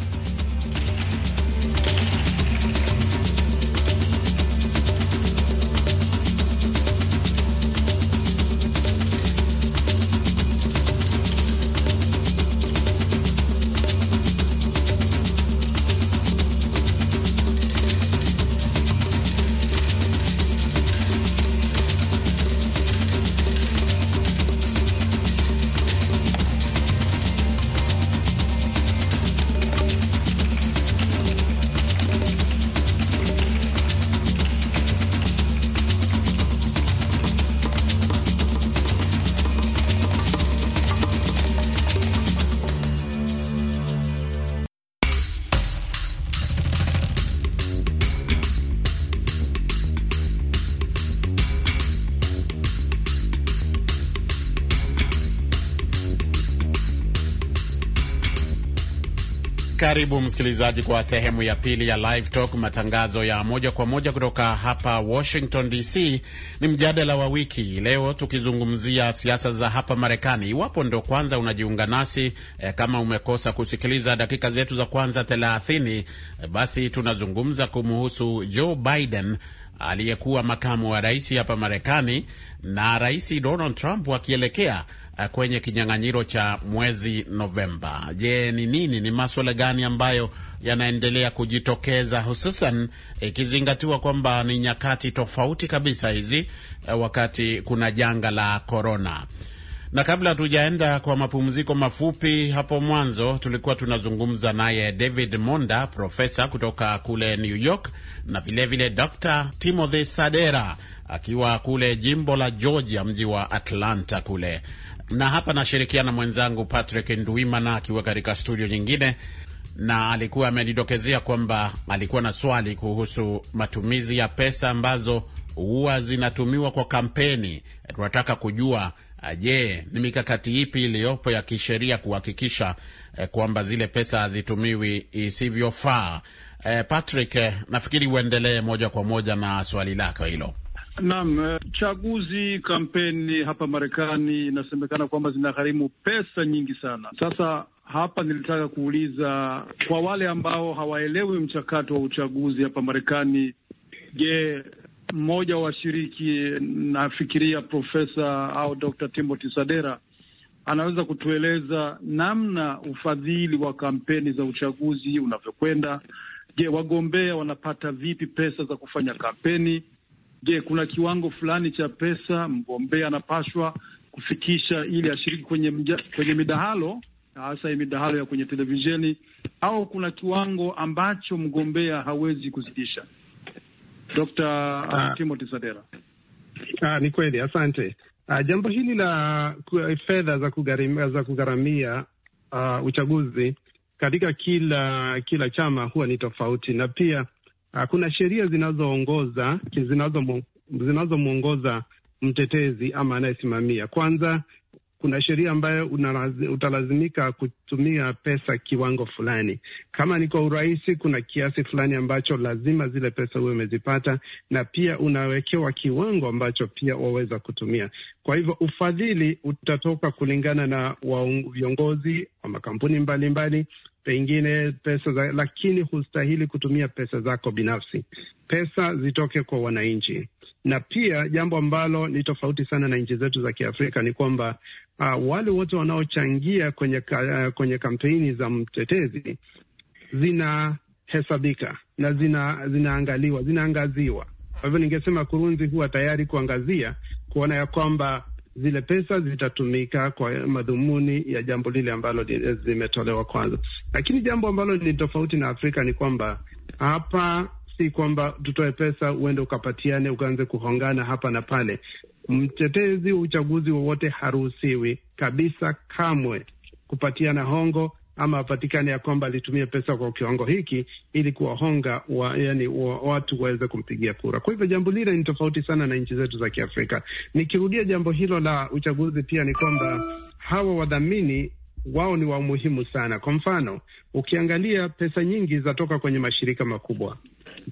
Karibu msikilizaji kwa sehemu ya pili ya Live Talk, matangazo ya moja kwa moja kutoka hapa Washington DC. Ni mjadala wa wiki leo, tukizungumzia siasa za hapa Marekani. Iwapo ndo kwanza unajiunga nasi eh, kama umekosa kusikiliza dakika zetu za kwanza thelathini, eh, basi tunazungumza kumhusu Joe Biden aliyekuwa makamu wa rais hapa Marekani na Rais Donald Trump wakielekea Eh, kwenye kinyang'anyiro cha mwezi Novemba. Je, ni nini, ni maswala gani ambayo yanaendelea kujitokeza hususan eh, ikizingatiwa e, kwamba ni nyakati tofauti kabisa hizi e, wakati kuna janga la korona na kabla hatujaenda kwa mapumziko mafupi, hapo mwanzo tulikuwa tunazungumza naye David Monda, profesa kutoka kule New York, na vilevile Dr Timothy Sadera akiwa kule jimbo la Georgia, mji wa Atlanta kule, na hapa nashirikiana mwenzangu Patrick Nduimana akiwa katika studio nyingine, na alikuwa amenidokezea kwamba alikuwa na swali kuhusu matumizi ya pesa ambazo huwa zinatumiwa kwa kampeni. Tunataka kujua eh, je, ni mikakati ipi iliyopo ya kisheria kuhakikisha eh, kwamba zile pesa hazitumiwi isivyofaa? Eh, Patrick, eh, nafikiri uendelee moja kwa moja na swali lako hilo. Naam, eh, chaguzi, kampeni hapa Marekani inasemekana kwamba zinagharimu pesa nyingi sana. Sasa hapa nilitaka kuuliza kwa wale ambao hawaelewi mchakato wa uchaguzi hapa Marekani, je, mmoja wa washiriki nafikiria Profesa au Dr. Timothy Sadera anaweza kutueleza namna ufadhili wa kampeni za uchaguzi unavyokwenda. Je, wagombea wanapata vipi pesa za kufanya kampeni? Je, kuna kiwango fulani cha pesa mgombea anapashwa kufikisha ili ashiriki kwenye mja, kwenye midahalo hasa hii midahalo ya kwenye televisheni au kuna kiwango ambacho mgombea hawezi kuzidisha? Dr. Ah. Ah, Timothy Sadera. Ah, ni kweli, asante. Ah, jambo hili la fedha za kugharimia za kugharamia uh, uchaguzi katika kila kila chama huwa ni tofauti, na pia Ah, kuna sheria zinazoongoza zinazomwongoza mtetezi ama anayesimamia. Kwanza, kuna sheria ambayo utalazimika kutumia pesa kiwango fulani. Kama ni kwa urahisi, kuna kiasi fulani ambacho lazima zile pesa huwe umezipata, na pia unawekewa kiwango ambacho pia waweza kutumia. Kwa hivyo ufadhili utatoka kulingana na viongozi wa makampuni mbalimbali pengine pesa za, lakini hustahili kutumia pesa zako binafsi. Pesa zitoke kwa wananchi. Na pia jambo ambalo ni tofauti sana na nchi zetu za Kiafrika ni kwamba uh, wale wote wanaochangia kwenye, uh, kwenye kampeni za mtetezi zinahesabika na zina, zinaangaliwa, zinaangaziwa. Kwa hivyo ningesema Kurunzi huwa tayari kuangazia kuona ya kwamba zile pesa zitatumika kwa madhumuni ya jambo lile ambalo zimetolewa kwanza. Lakini jambo ambalo ni tofauti na Afrika ni kwamba hapa si kwamba tutoe pesa uende ukapatiane ukaanze kuhongana hapa na pale. Mtetezi wa uchaguzi wowote haruhusiwi kabisa kamwe kupatiana hongo ama apatikane ya kwamba alitumia pesa kwa kiwango hiki ili kuwahonga wa, yani, wa, watu waweze kumpigia kura. Kwa hivyo jambo lile ni tofauti sana na nchi zetu za Kiafrika. Nikirudia jambo hilo la uchaguzi, pia ni kwamba hawa wadhamini wao ni wa muhimu sana. Kwa mfano, ukiangalia pesa nyingi zatoka kwenye mashirika makubwa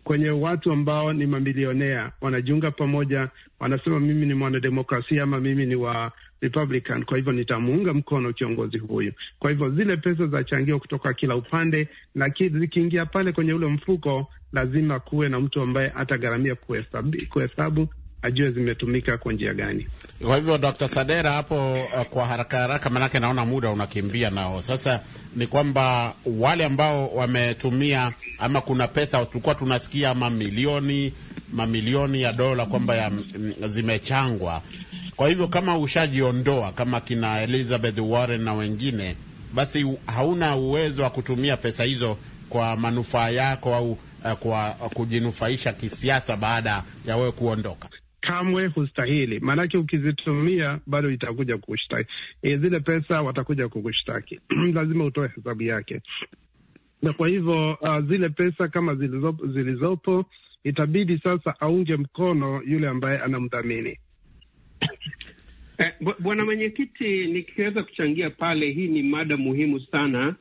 kwenye watu ambao ni mamilionea wanajiunga pamoja, wanasema mimi ni mwanademokrasia ama mimi ni wa Republican, kwa hivyo nitamuunga mkono kiongozi huyu. Kwa hivyo zile pesa zachangiwa kutoka kila upande, lakini zikiingia pale kwenye ule mfuko, lazima kuwe na mtu ambaye atagharamia kuhesabu ajue zimetumika kwa njia gani. Kwa hivyo Dr. Sadera, hapo eh, kwa haraka haraka, manake naona muda unakimbia nao. Sasa ni kwamba wale ambao wametumia ama kuna pesa tulikuwa tunasikia ama milioni mamilioni ya dola kwamba zimechangwa. Kwa hivyo kama ushajiondoa kama kina Elizabeth Warren na wengine, basi hauna uwezo wa kutumia pesa hizo kwa manufaa yako au eh, kwa kujinufaisha kisiasa baada ya wewe kuondoka. Kamwe hustahili, maanake ukizitumia bado itakuja kukushtaki. e, zile pesa watakuja kukushtaki lazima utoe hesabu yake, na kwa hivyo uh, zile pesa kama zilizopo, zilizopo itabidi sasa aunge mkono yule ambaye anamdhamini. Eh, bwana Mwenyekiti, nikiweza kuchangia pale, hii ni mada muhimu sana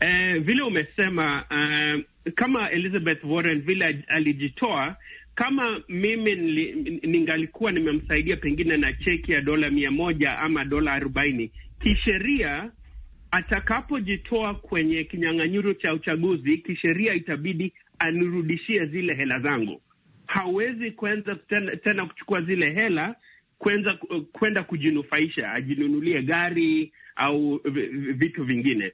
eh, vile umesema eh, kama Elizabeth Warren vile alijitoa kama mimi ningalikuwa nimemsaidia pengine na cheki ya dola mia moja ama dola arobaini, kisheria atakapojitoa kwenye kinyang'anyiro cha uchaguzi, kisheria itabidi anirudishie zile hela zangu. Hawezi kwenza tena, tena kuchukua zile hela kwenza kwenda kujinufaisha, ajinunulie gari au vitu vingine.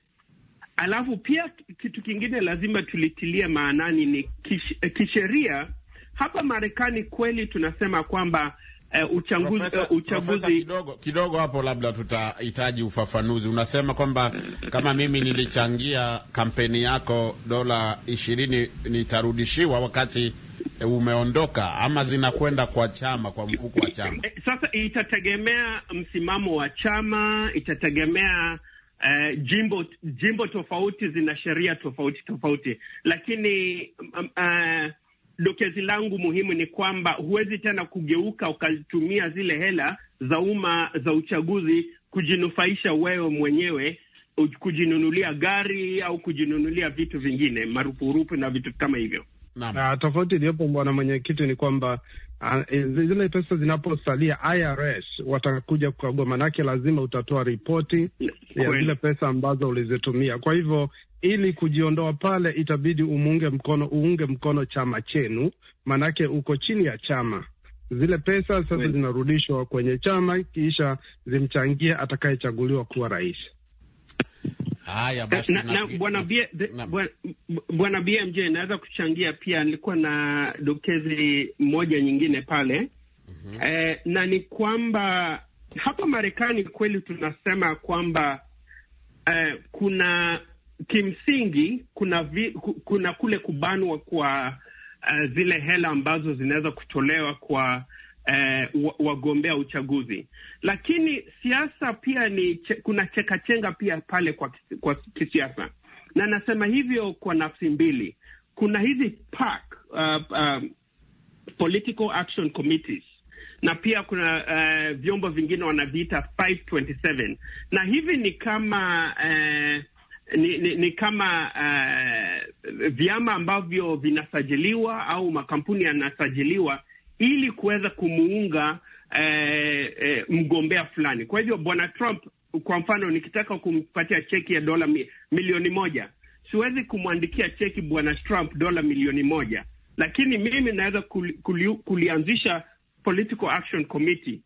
Alafu pia kitu kingine lazima tulitilie maanani ni kish, kisheria hapa Marekani kweli tunasema kwamba Uh, uchanguzi, uh, uchanguzi... Kidogo, kidogo hapo labda tutahitaji ufafanuzi. Unasema kwamba eh, kama mimi nilichangia kampeni yako dola ishirini nitarudishiwa wakati umeondoka, ama zinakwenda kwa chama, kwa mfuko wa chama? Sasa itategemea msimamo wa chama, itategemea uh, jimbo jimbo tofauti zina sheria tofauti tofauti, lakini uh, dokezi langu muhimu ni kwamba huwezi tena kugeuka ukatumia zile hela za umma za uchaguzi kujinufaisha wewe mwenyewe, kujinunulia gari au kujinunulia vitu vingine marupurupu na vitu kama hivyo. Uh, tofauti iliyopo bwana mwenyekiti ni kwamba uh, zile pesa zinaposalia IRS watakuja kukagua, manake lazima utatoa ripoti ya zile pesa ambazo ulizitumia. Kwa hivyo ili kujiondoa pale itabidi umunge mkono uunge mkono chama chenu, maanake uko chini ya chama. Zile pesa sasa well, zinarudishwa kwenye chama kisha zimchangie atakayechaguliwa kuwa rais. Haya basi, bwana BMJ, naweza kuchangia pia. Nilikuwa na dokezi moja nyingine pale mm -hmm. E, na ni kwamba hapa Marekani kweli tunasema kwamba e, kuna kimsingi kuna vi, kuna kule kubanwa kwa uh, zile hela ambazo zinaweza kutolewa kwa uh, wagombea uchaguzi, lakini siasa pia ni che, kuna chekachenga pia pale kwa, kwa kisiasa, na nasema hivyo kwa nafsi mbili. Kuna hizi PAC, uh, eh, uh, political action committees na pia kuna uh, vyombo vingine wanaviita 527 na hivi ni kama uh, ni, ni, ni kama uh, vyama ambavyo vinasajiliwa au makampuni yanasajiliwa ili kuweza kumuunga uh, uh, mgombea fulani. Kwa hivyo bwana Trump, kwa mfano, nikitaka kumpatia cheki ya dola mi, milioni moja, siwezi kumwandikia cheki bwana Trump dola milioni moja, lakini mimi naweza kuli, kuli, kulianzisha Political Action Committee,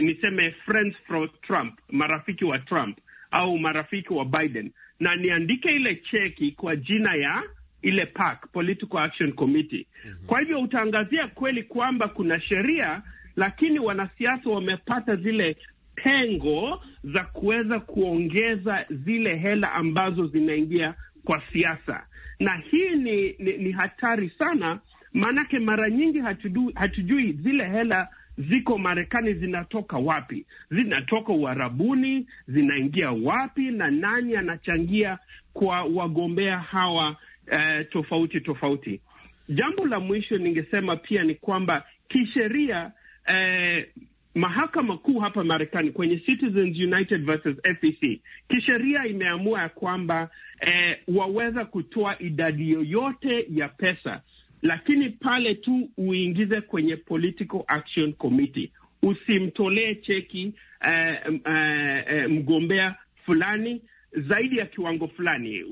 niseme Friends for Trump, marafiki wa Trump au marafiki wa Biden na niandike ile cheki kwa jina ya ile PAC, Political Action Committee. Mm -hmm. Kwa hivyo utaangazia kweli kwamba kuna sheria, lakini wanasiasa wamepata zile pengo za kuweza kuongeza zile hela ambazo zinaingia kwa siasa, na hii ni, ni, ni hatari sana, maanake mara nyingi hatujui, hatujui zile hela ziko Marekani zinatoka wapi? Zinatoka uharabuni zinaingia wapi? Na nani anachangia kwa wagombea hawa eh, tofauti tofauti? Jambo la mwisho ningesema pia ni kwamba kisheria, eh, mahakama kuu hapa Marekani kwenye Citizens United versus e kisheria imeamua ya kwamba eh, waweza kutoa idadi yoyote ya pesa lakini pale tu uingize kwenye political action committee, usimtolee cheki uh, uh, mgombea fulani zaidi ya kiwango fulani,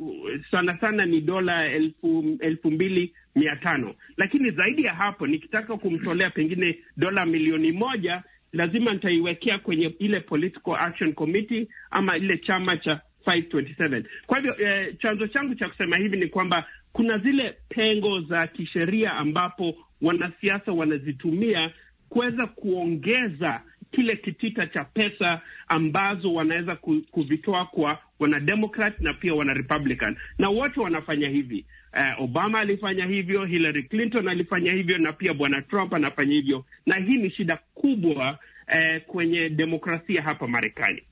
sana sana ni dola elfu, elfu mbili mia tano lakini zaidi ya hapo nikitaka kumtolea pengine dola milioni moja lazima nitaiwekea kwenye ile political action committee ama ile chama cha 527. Kwa hivyo eh, chanzo changu cha kusema hivi ni kwamba kuna zile pengo za kisheria ambapo wanasiasa wanazitumia kuweza kuongeza kile kitita cha pesa ambazo wanaweza kuvitoa kwa wanademokrat na pia wanarepublican, na wote wanafanya hivi. Uh, Obama alifanya hivyo, Hillary Clinton alifanya hivyo, na pia bwana Trump anafanya hivyo, na hii ni shida kubwa uh, kwenye demokrasia hapa Marekani.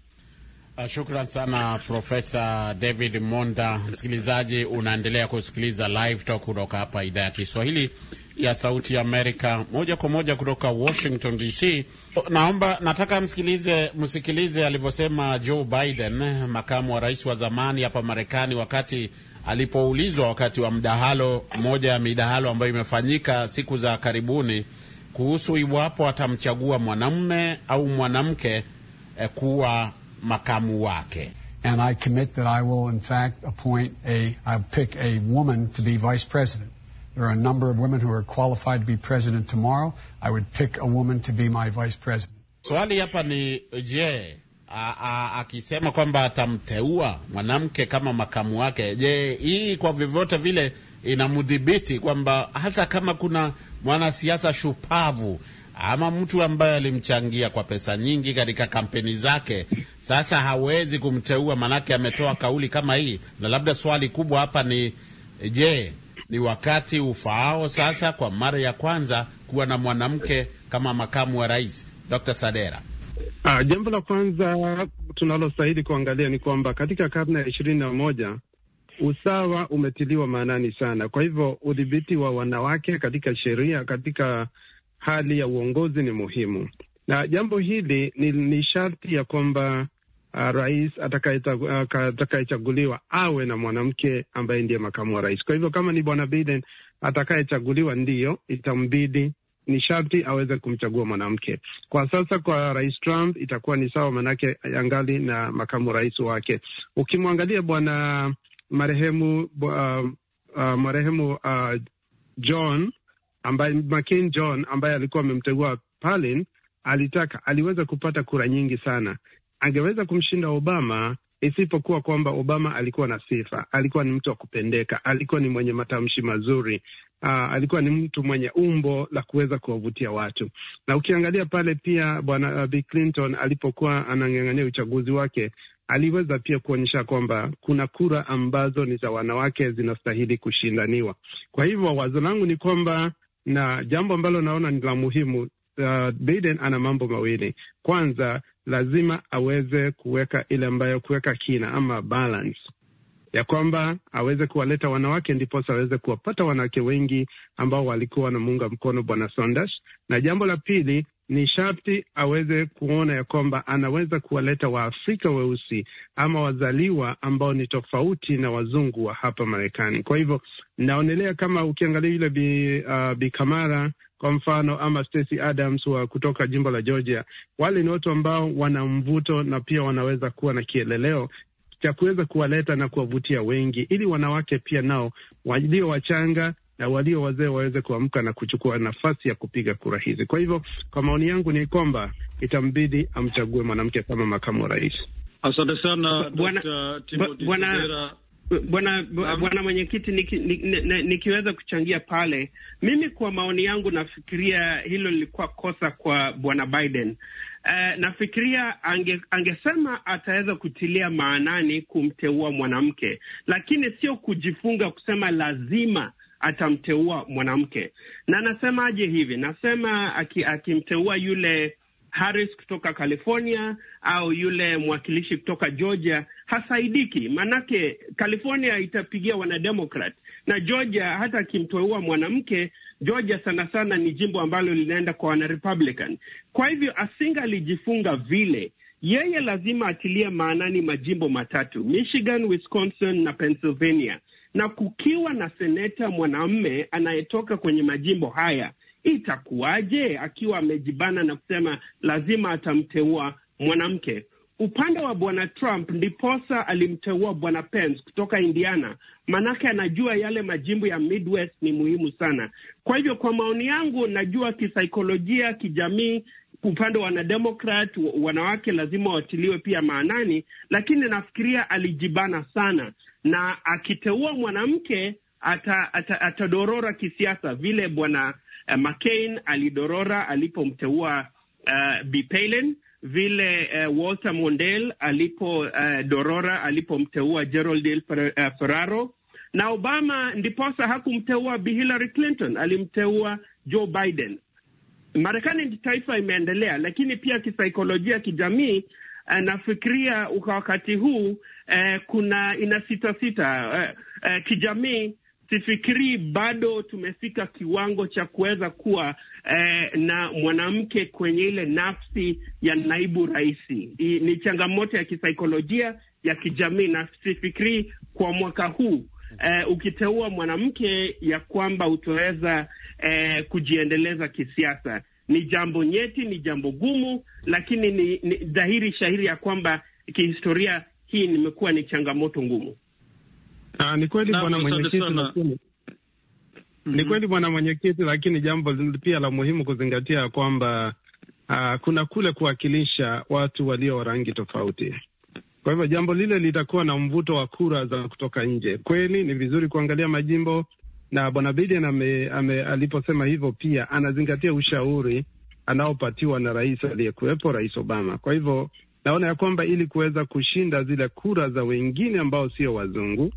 Uh, shukran sana Profesa David Monda. Msikilizaji, unaendelea kusikiliza Live Talk kutoka hapa idhaa ya Kiswahili ya Sauti ya Amerika, moja kwa moja kutoka Washington DC. Naomba nataka msikilize, msikilize alivyosema Joe Biden, makamu wa rais wa zamani hapa Marekani, wakati alipoulizwa wakati wa mdahalo, moja ya midahalo ambayo imefanyika siku za karibuni kuhusu iwapo atamchagua mwanamme au mwanamke eh, kuwa makamu wake. And I commit that I will in fact appoint a, I'll pick a woman to be vice president. There are a number of women who are qualified to be president tomorrow. I would pick a woman to be my vice president. Swali hapa ni je, akisema kwamba atamteua mwanamke kama makamu wake, je, hii kwa vyovyote vile inamdhibiti kwamba hata kama kuna mwanasiasa shupavu ama mtu ambaye alimchangia kwa pesa nyingi katika kampeni zake, sasa hawezi kumteua, manake ametoa kauli kama hii. Na labda swali kubwa hapa ni je, ni wakati ufaao sasa kwa mara ya kwanza kuwa na mwanamke kama makamu wa rais? Dr. Sadera. Ah, jambo la kwanza tunalostahili kuangalia ni kwamba katika karne ya ishirini na moja usawa umetiliwa maanani sana. Kwa hivyo udhibiti wa wanawake katika sheria, katika hali ya uongozi ni muhimu, na jambo hili ni, ni sharti ya kwamba uh, rais uh, atakayechaguliwa awe na mwanamke ambaye ndiye makamu wa rais. Kwa hivyo kama ni bwana Biden atakayechaguliwa, ndiyo itambidi ni sharti aweze kumchagua mwanamke. Kwa sasa kwa rais Trump itakuwa ni sawa, manake angali na makamu rais wake. Ukimwangalia bwana marehemu uh, uh, marehemu uh, John ambaye McCain John ambaye alikuwa amemtegua Palin alitaka aliweza kupata kura nyingi sana, angeweza kumshinda Obama isipokuwa kwamba Obama alikuwa na sifa, alikuwa ni mtu wa kupendeka, alikuwa ni mwenye matamshi mazuri aa, ah, alikuwa ni mtu mwenye umbo la kuweza kuwavutia watu. Na ukiangalia pale pia bwana uh, Bill Clinton alipokuwa anang'ang'ania uchaguzi wake aliweza pia kuonyesha kwamba kuna kura ambazo ni za wanawake zinastahili kushindaniwa. Kwa hivyo wazo langu ni kwamba na jambo ambalo naona ni la muhimu uh, Biden ana mambo mawili. Kwanza lazima aweze kuweka ile ambayo kuweka kina ama balance ya kwamba aweze kuwaleta wanawake ndiposa aweze kuwapata wanawake wengi ambao walikuwa wanamuunga mkono bwana Sanders. Na jambo la pili ni sharti aweze kuona ya kwamba anaweza kuwaleta Waafrika weusi ama wazaliwa ambao ni tofauti na wazungu wa hapa Marekani. Kwa hivyo naonelea kama ukiangalia yule bi, uh, bi Kamara kwa mfano ama Stacey Adams wa kutoka jimbo la Georgia, wale ni watu ambao wana mvuto na pia wanaweza kuwa na kieleleo cha kuweza kuwaleta na kuwavutia wengi, ili wanawake pia nao walio wachanga na walio wazee waweze kuamka na kuchukua nafasi ya kupiga kura hizi. Kwa hivyo, kwa maoni yangu ni kwamba itambidi amchague mwanamke kama makamu wa rais. Asante sana bwana Bwana bwana mwenyekiti, niki, nikiweza kuchangia pale, mimi kwa maoni yangu nafikiria hilo lilikuwa kosa kwa bwana Biden. Uh, nafikiria ange, angesema ataweza kutilia maanani kumteua mwanamke, lakini sio kujifunga kusema lazima atamteua mwanamke. Na nasemaje hivi, nasema akimteua aki yule Harris kutoka California au yule mwakilishi kutoka Georgia hasaidiki, maanake California itapigia wanademokrat na Georgia, hata akimteua mwanamke Georgia sana sana ni jimbo ambalo linaenda kwa wanarepublican. Kwa hivyo asingalijifunga vile, yeye lazima atilie maanani majimbo matatu Michigan, Wisconsin na Pennsylvania na kukiwa na seneta mwanamme anayetoka kwenye majimbo haya itakuwaje akiwa amejibana na kusema lazima atamteua mwanamke? Upande wa bwana Trump ndiposa alimteua bwana Pence kutoka Indiana, maanake anajua yale majimbo ya Midwest ni muhimu sana. Kwa hivyo, kwa maoni yangu, najua kisaikolojia, kijamii, upande wa wanademokrat, wanawake lazima watiliwe pia maanani, lakini nafikiria alijibana sana na akiteua mwanamke ata, ata, atadorora kisiasa vile bwana uh, McCain alidorora alipomteua uh, Bi Palin vile uh, Walter Mondale alipodorora uh, alipomteua Geraldine Ferraro na Obama ndiposa hakumteua Bi Hillary Clinton, alimteua Joe Biden. Marekani ni taifa imeendelea, lakini pia kisaikolojia, kijamii, nafikiria kwa wakati huu eh, kuna ina sita eh, eh, kijamii. Sifikirii bado tumefika kiwango cha kuweza kuwa eh, na mwanamke kwenye ile nafsi ya naibu rais. Ni changamoto ya kisaikolojia ya kijamii, na sifikirii kwa mwaka huu eh, ukiteua mwanamke ya kwamba utaweza eh, kujiendeleza kisiasa. Ni jambo nyeti, ni jambo gumu, lakini ni, ni dhahiri shahiri ya kwamba kihistoria hii nimekuwa ni changamoto ngumu. Aa, ah, ni kweli bwana mwenyekiti, lakini ni mm-hmm. kweli bwana mwenyekiti, lakini jambo pia la muhimu kuzingatia kwamba aa, ah, kuna kule kuwakilisha watu walio wa rangi tofauti. Kwa hivyo jambo lile litakuwa na mvuto wa kura za kutoka nje. Kweli ni vizuri kuangalia majimbo, na bwana Biden aliposema hivyo pia anazingatia ushauri anaopatiwa na rais aliyekuwepo, Rais Obama. Kwa hivyo naona ya kwamba ili kuweza kushinda zile kura za wengine ambao sio wazungu,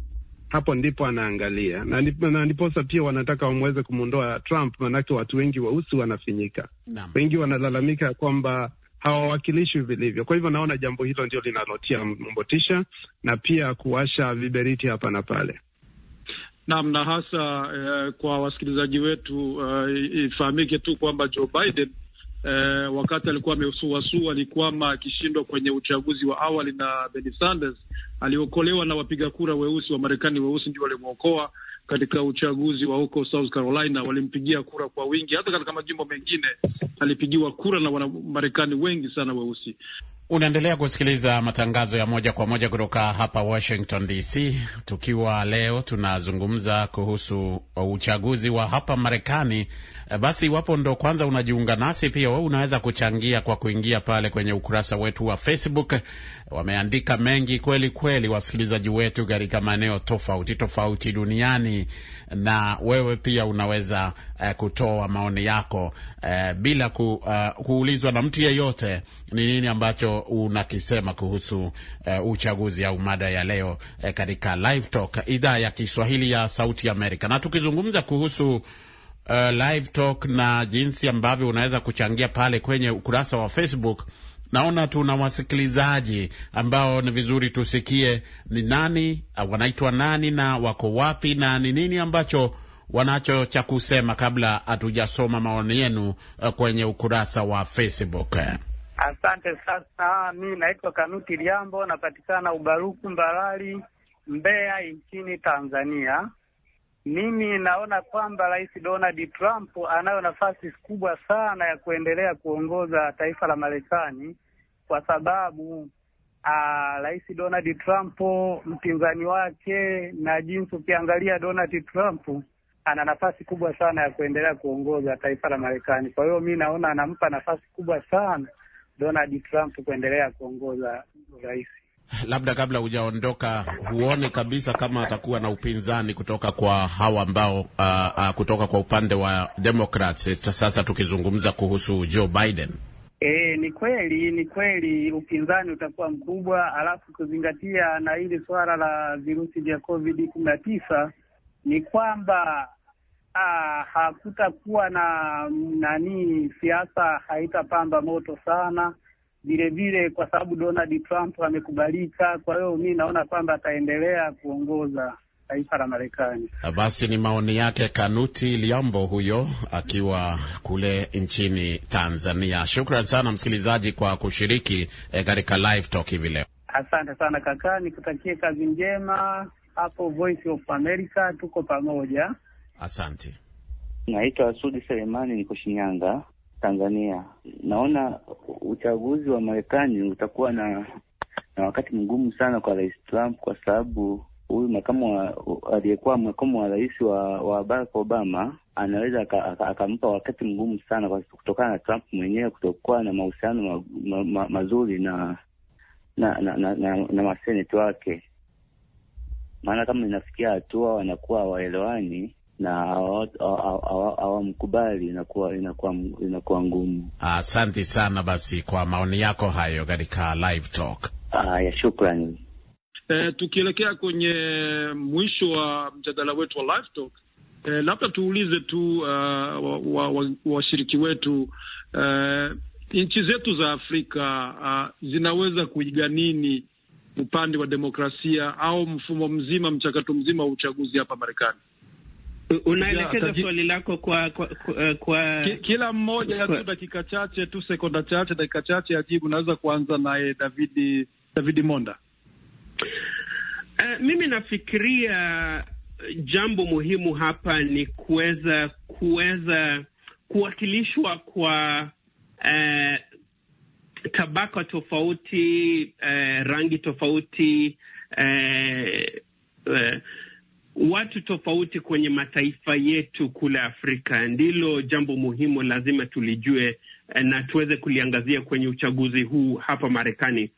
hapo ndipo anaangalia na niposa pia wanataka wamweze kumwondoa Trump, maanake watu wengi weusi wanafinyika, wengi wanalalamika ya kwamba hawawakilishi vilivyo. Kwa hivyo naona jambo hilo ndio linalotia mbotisha na pia kuwasha viberiti hapa na pale. Naam, na hasa eh, kwa wasikilizaji wetu eh, ifahamike tu kwamba Joe Biden eh, wakati alikuwa amesuasua ni kwamba akishindwa kwenye uchaguzi wa awali na Bernie Sanders, aliokolewa na wapiga kura weusi wa Marekani. Weusi ndio walimwokoa katika uchaguzi wa huko South Carolina, walimpigia kura kwa wingi. Hata katika majimbo mengine alipigiwa kura na Wanamarekani wengi sana weusi. Unaendelea kusikiliza matangazo ya moja kwa moja kutoka hapa Washington DC, tukiwa leo tunazungumza kuhusu uchaguzi wa hapa Marekani. Basi iwapo ndo kwanza unajiunga nasi, pia wewe unaweza kuchangia kwa kuingia pale kwenye ukurasa wetu wa Facebook. Wameandika mengi kweli kweli wasikilizaji wetu katika maeneo tofauti tofauti duniani, na wewe pia unaweza uh, kutoa maoni yako uh, bila ku, uh, kuulizwa na mtu yeyote ni nini ambacho unakisema kuhusu uh, uchaguzi au mada ya leo uh, katika Live Talk idhaa ya Kiswahili ya Sauti Amerika. Na tukizungumza kuhusu uh, Live Talk na jinsi ambavyo unaweza kuchangia pale kwenye ukurasa wa Facebook, naona tuna wasikilizaji ambao ni vizuri tusikie ni nani, wanaitwa nani na wako wapi na ni nini ambacho wanacho cha kusema kabla hatujasoma maoni yenu kwenye ukurasa wa Facebook. Asante. Sasa mi naitwa Kanuti Liambo, napatikana Ubaruku Mbarali, Mbeya nchini Tanzania. Mimi naona kwamba Rais Donald Trump anayo nafasi kubwa sana ya kuendelea kuongoza taifa la Marekani kwa sababu Rais Donald Trump mpinzani wake, na jinsi ukiangalia Donald Trump ana nafasi kubwa sana ya kuendelea kuongoza taifa la Marekani. Kwa hiyo mi naona anampa nafasi kubwa sana Donald Trump kuendelea kuongoza urais. Labda kabla hujaondoka, huoni kabisa kama atakuwa na upinzani kutoka kwa hawa ambao, uh, uh, kutoka kwa upande wa Democrats, sasa tukizungumza kuhusu Joe Biden? E, ni kweli ni kweli upinzani utakuwa mkubwa, alafu kuzingatia na hili suala la virusi vya COVID kumi na tisa ni kwamba Ah, hakutakuwa na nani, siasa haitapamba moto sana vilevile, kwa sababu Donald Trump amekubalika. Kwa hiyo mi naona kwamba ataendelea kuongoza taifa la Marekani. Ah, basi ni maoni yake Kanuti Liambo huyo akiwa kule nchini Tanzania. Shukran sana msikilizaji kwa kushiriki eh, katika livetok live talk hivi leo. Asante sana kaka, nikutakie kazi njema hapo Voice of America, tuko pamoja. Asante. Naitwa Sudi Selemani, niko Shinyanga, Tanzania. Naona uchaguzi wa Marekani utakuwa na na wakati mgumu sana kwa Rais Trump kwa sababu huyu makamu aliyekuwa makamu wa rais wa, wa Barack Obama anaweza akampa wakati mgumu sana kwa kutokana na Trump mwenyewe kutokuwa na mahusiano ma, ma, ma, mazuri na na na, na, na, na maseneti wake, maana kama inafikia hatua wanakuwa waelewani na hawamkubali inakuwa inakuwa inakuwa ngumu. Asante sana basi kwa maoni yako hayo katika live talk. Haya, shukrani. E, tukielekea kwenye mwisho wa mjadala wetu wa live talk e, labda tuulize tu uh, eh, washiriki wa, wa, wa wetu uh, nchi zetu za Afrika uh, zinaweza kuiga nini upande wa demokrasia au mfumo mzima mchakato mzima wa uchaguzi hapa Marekani? Unaelekeza swali lako kwa, kwa, kwa, eh, kwa... kila mmoja tu dakika chache tu sekonda chache dakika chache ajibu. Naweza kuanza naye Davidi, Davidi Monda. Uh, mimi nafikiria eh, jambo muhimu hapa ni kuweza kuweza kuwakilishwa kwa uh, tabaka tofauti, uh, rangi tofauti uh, uh, watu tofauti kwenye mataifa yetu kule Afrika, ndilo jambo muhimu lazima tulijue eh, na tuweze kuliangazia kwenye uchaguzi huu hapa Marekani,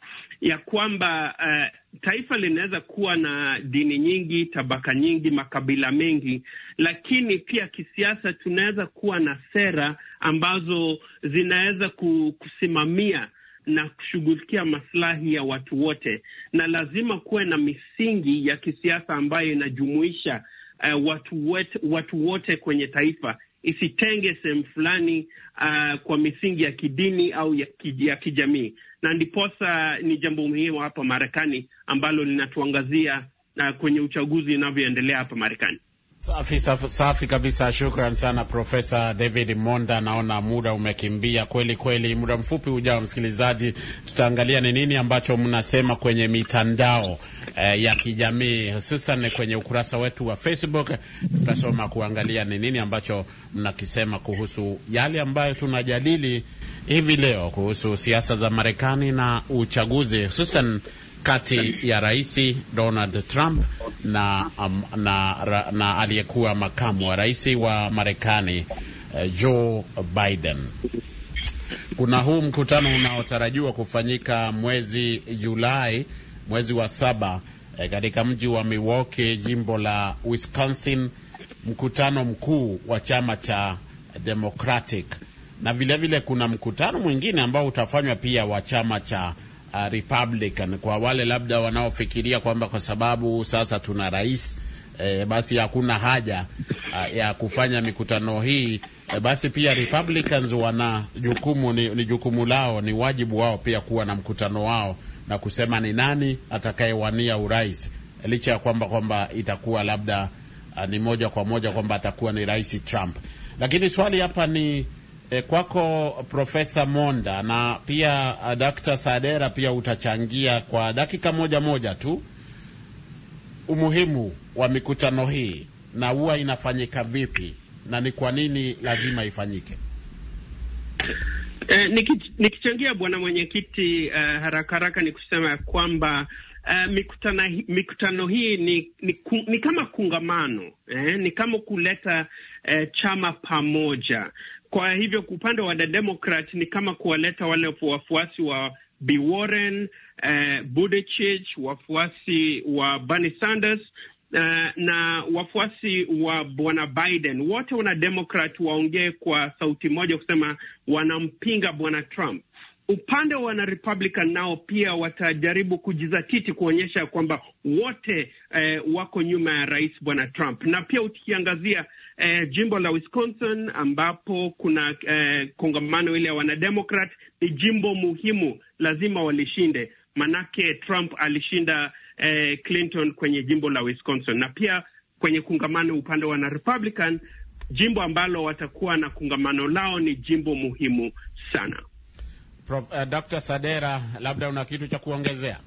ya kwamba uh, taifa linaweza kuwa na dini nyingi, tabaka nyingi, makabila mengi, lakini pia kisiasa tunaweza kuwa na sera ambazo zinaweza kusimamia na kushughulikia maslahi ya watu wote, na lazima kuwe na misingi ya kisiasa ambayo inajumuisha uh, watu, wet, watu wote kwenye taifa, isitenge sehemu fulani uh, kwa misingi ya kidini au ya, ya kijamii, na ndiposa ni jambo muhimu hapa Marekani ambalo linatuangazia uh, kwenye uchaguzi unavyoendelea hapa Marekani. Safi, safi, safi kabisa. Shukran sana Profesa David Monda. Naona muda umekimbia kweli kweli. Muda mfupi ujao, msikilizaji, tutaangalia ni nini ambacho mnasema kwenye mitandao eh, ya kijamii hususan kwenye ukurasa wetu wa Facebook. Tutasoma kuangalia ni nini ambacho mnakisema kuhusu yale ambayo tunajadili hivi leo kuhusu siasa za Marekani na uchaguzi hususan kati ya Rais Donald Trump na, um, na, ra, na aliyekuwa makamu wa rais wa Marekani uh, Joe Biden. Kuna huu mkutano unaotarajiwa kufanyika mwezi Julai, mwezi wa saba eh, katika mji wa Milwaukee, jimbo la Wisconsin, mkutano mkuu wa chama cha Democratic, na vilevile vile kuna mkutano mwingine ambao utafanywa pia wa chama cha uh, Republican kwa wale labda wanaofikiria kwamba kwa sababu sasa tuna rais eh, basi hakuna haja uh, ya kufanya mikutano hii eh, basi pia Republicans wana jukumu ni, ni jukumu lao, ni wajibu wao pia kuwa na mkutano wao na kusema ni nani atakayewania urais licha ya kwamba kwamba itakuwa labda uh, ni moja kwa moja kwamba atakuwa ni rais Trump, lakini swali hapa ni E, kwako Profesa Monda na pia uh, Dr. Sadera pia utachangia kwa dakika moja moja tu umuhimu wa mikutano hii na huwa inafanyika vipi na ni kwa nini lazima ifanyike? Eh, nikichangia bwana mwenyekiti, uh, haraka haraka ni kusema ya kwamba uh, mikutana, mikutano hii ni, ni, ni kama kungamano eh, ni kama kuleta eh, chama pamoja kwa hivyo upande wa Democrat ni kama kuwaleta wale wafuasi wa Bi Warren, eh, Buttigieg, wafuasi wa Bernie Sanders Uh, na wafuasi wa bwana Biden wote wanademokrat waongee kwa sauti moja kusema wanampinga bwana Trump upande wa wana Republican nao pia watajaribu kujizatiti kuonyesha kwamba wote eh, wako nyuma ya rais bwana Trump. Na pia ukiangazia eh, jimbo la Wisconsin ambapo kuna eh, kongamano ile ya wanademokrat, ni jimbo muhimu, lazima walishinde, manake Trump alishinda eh, Clinton kwenye jimbo la Wisconsin, na pia kwenye kongamano upande wa wana Republican, jimbo ambalo watakuwa na kongamano lao ni jimbo muhimu sana. Prof, uh, Dr. Sadera labda una kitu cha kuongezea?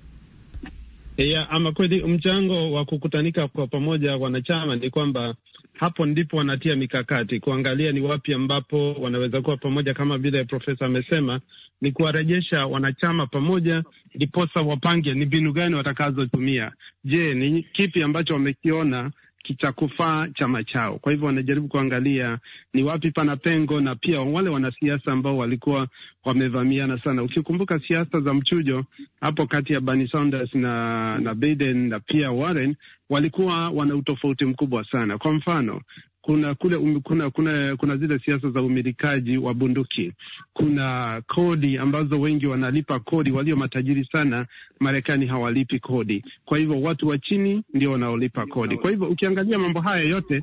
Yeah, ama kweli mchango wa kukutanika kwa pamoja wanachama ni kwamba hapo ndipo wanatia mikakati kuangalia ni wapi ambapo wanaweza kuwa pamoja, kama vile profesa amesema, ni kuwarejesha wanachama pamoja, ndiposa wapange ni mbinu gani watakazotumia. Je, ni kipi ambacho wamekiona cha kufaa chama chao. Kwa hivyo wanajaribu kuangalia ni wapi pana pengo, na pia wale wanasiasa ambao walikuwa wamevamiana sana. Ukikumbuka siasa za mchujo hapo kati ya Bernie Sanders na na Biden na pia Warren walikuwa wana utofauti mkubwa sana. Kwa mfano kuna kule um, kuna, kuna, kuna zile siasa za umilikaji wa bunduki, kuna kodi ambazo wengi wanalipa kodi. Walio matajiri sana Marekani hawalipi kodi, kwa hivyo watu wa chini ndio wanaolipa kodi. Kwa hivyo ukiangalia mambo haya yote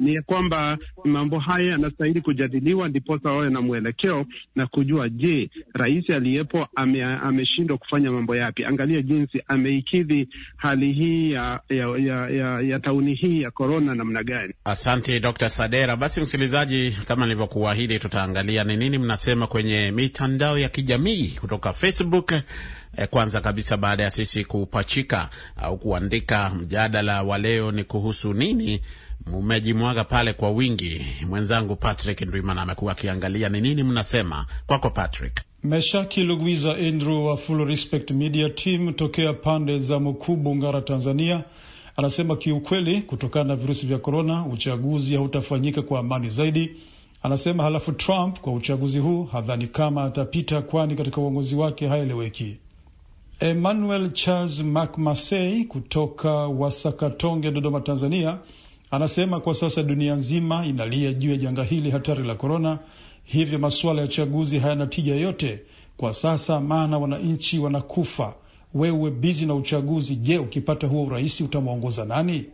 ni kwamba mambo haya yanastahili kujadiliwa, ndiposa wawe na mwelekeo na kujua, je, rais aliyepo ameshindwa ame kufanya mambo yapi? Angalia jinsi ameikidhi hali hii ya, ya, ya, ya, ya tauni hii ya korona namna gani? Asante Dr. Sadera. Basi msikilizaji, kama nilivyokuahidi, tutaangalia ni nini mnasema kwenye mitandao ya kijamii kutoka Facebook. Eh, kwanza kabisa baada ya sisi kupachika au kuandika mjadala wa leo ni kuhusu nini mmejimwaga pale kwa wingi. Mwenzangu Patrick Ndwimana amekuwa akiangalia ni nini mnasema. Kwako Patrick. Meshaki Lugwiza Andrew wa Full Respect Media Team tokea pande za Mkubu, Ngara, Tanzania, anasema kiukweli, kutokana na virusi vya korona uchaguzi hautafanyika kwa amani zaidi. Anasema halafu Trump kwa uchaguzi huu hadhani kama atapita, kwani katika uongozi wake haeleweki. Emmanuel Charles mcmasey kutoka Wasakatonge, Dodoma, Tanzania Anasema kwa sasa dunia nzima inalia juu ya janga hili hatari la korona, hivyo masuala ya chaguzi hayana tija yote kwa sasa, maana wananchi wanakufa. Wewe bizi na uchaguzi, je, ukipata huo urais utamwongoza nani?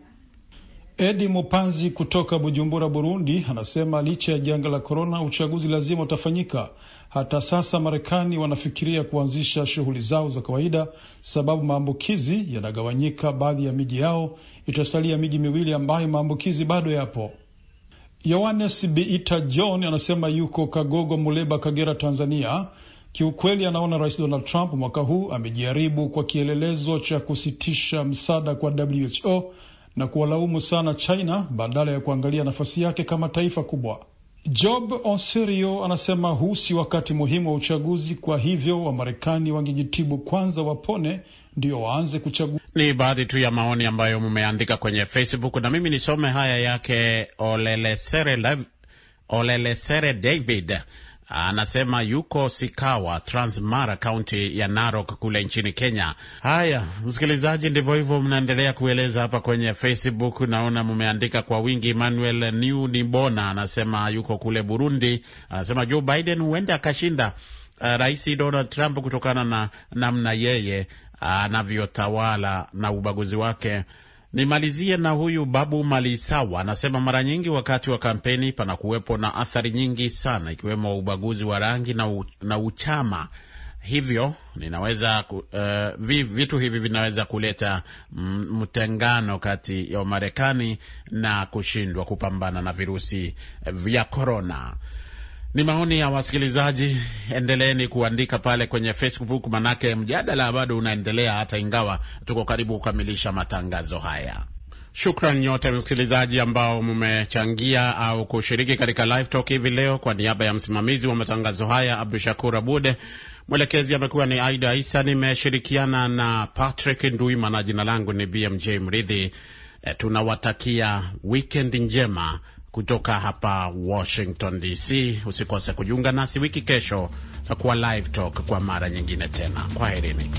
Edi Mupanzi kutoka Bujumbura, Burundi, anasema licha ya janga la korona, uchaguzi lazima utafanyika hata sasa Marekani wanafikiria kuanzisha shughuli zao za kawaida, sababu maambukizi yanagawanyika. Baadhi ya miji yao itasalia miji miwili ambayo maambukizi bado yapo. yohannes Biita John anasema yuko Kagogo, Muleba, Kagera, Tanzania. Kiukweli anaona Rais Donald Trump mwaka huu amejiharibu kwa kielelezo cha kusitisha msaada kwa WHO na kuwalaumu sana China badala ya kuangalia nafasi yake kama taifa kubwa. Job Onserio anasema huu si wakati muhimu wa uchaguzi, kwa hivyo Wamarekani wangejitibu kwanza, wapone ndio waanze kuchagua. Ni baadhi tu ya maoni ambayo mmeandika kwenye Facebook na mimi nisome haya yake Olelesere, Olelesere David anasema yuko Sikawa, Transmara, kaunti ya Narok kule nchini Kenya. Haya msikilizaji, ndivyo hivyo, mnaendelea kueleza hapa kwenye Facebook. Naona mmeandika kwa wingi. Emmanuel New Nibona anasema yuko kule Burundi, anasema Joe Biden huenda akashinda uh, Rais Donald Trump kutokana na namna yeye anavyotawala uh, na ubaguzi wake Nimalizie na huyu Babu Malisawa, anasema mara nyingi wakati wa kampeni panakuwepo na athari nyingi sana, ikiwemo ubaguzi wa rangi na, u, na uchama hivyo ninaweza ku, uh, vitu hivi vinaweza kuleta mm, mtengano kati ya Wamarekani na kushindwa kupambana na virusi vya korona. Ni maoni ya wasikilizaji. Endeleeni kuandika pale kwenye Facebook, manake mjadala bado unaendelea hata ingawa tuko karibu kukamilisha matangazo haya. Shukran nyote msikilizaji ambao mmechangia au kushiriki katika live talk hivi leo. Kwa niaba ya msimamizi wa matangazo haya Abdu Shakur Abude, mwelekezi amekuwa ni Aida Isa, nimeshirikiana na Patrick Nduima na jina langu ni BMJ Mridhi. E, tunawatakia wikend njema kutoka hapa Washington DC. Usikose kujiunga nasi wiki kesho kwa Live Talk kwa mara nyingine tena. Kwaherini.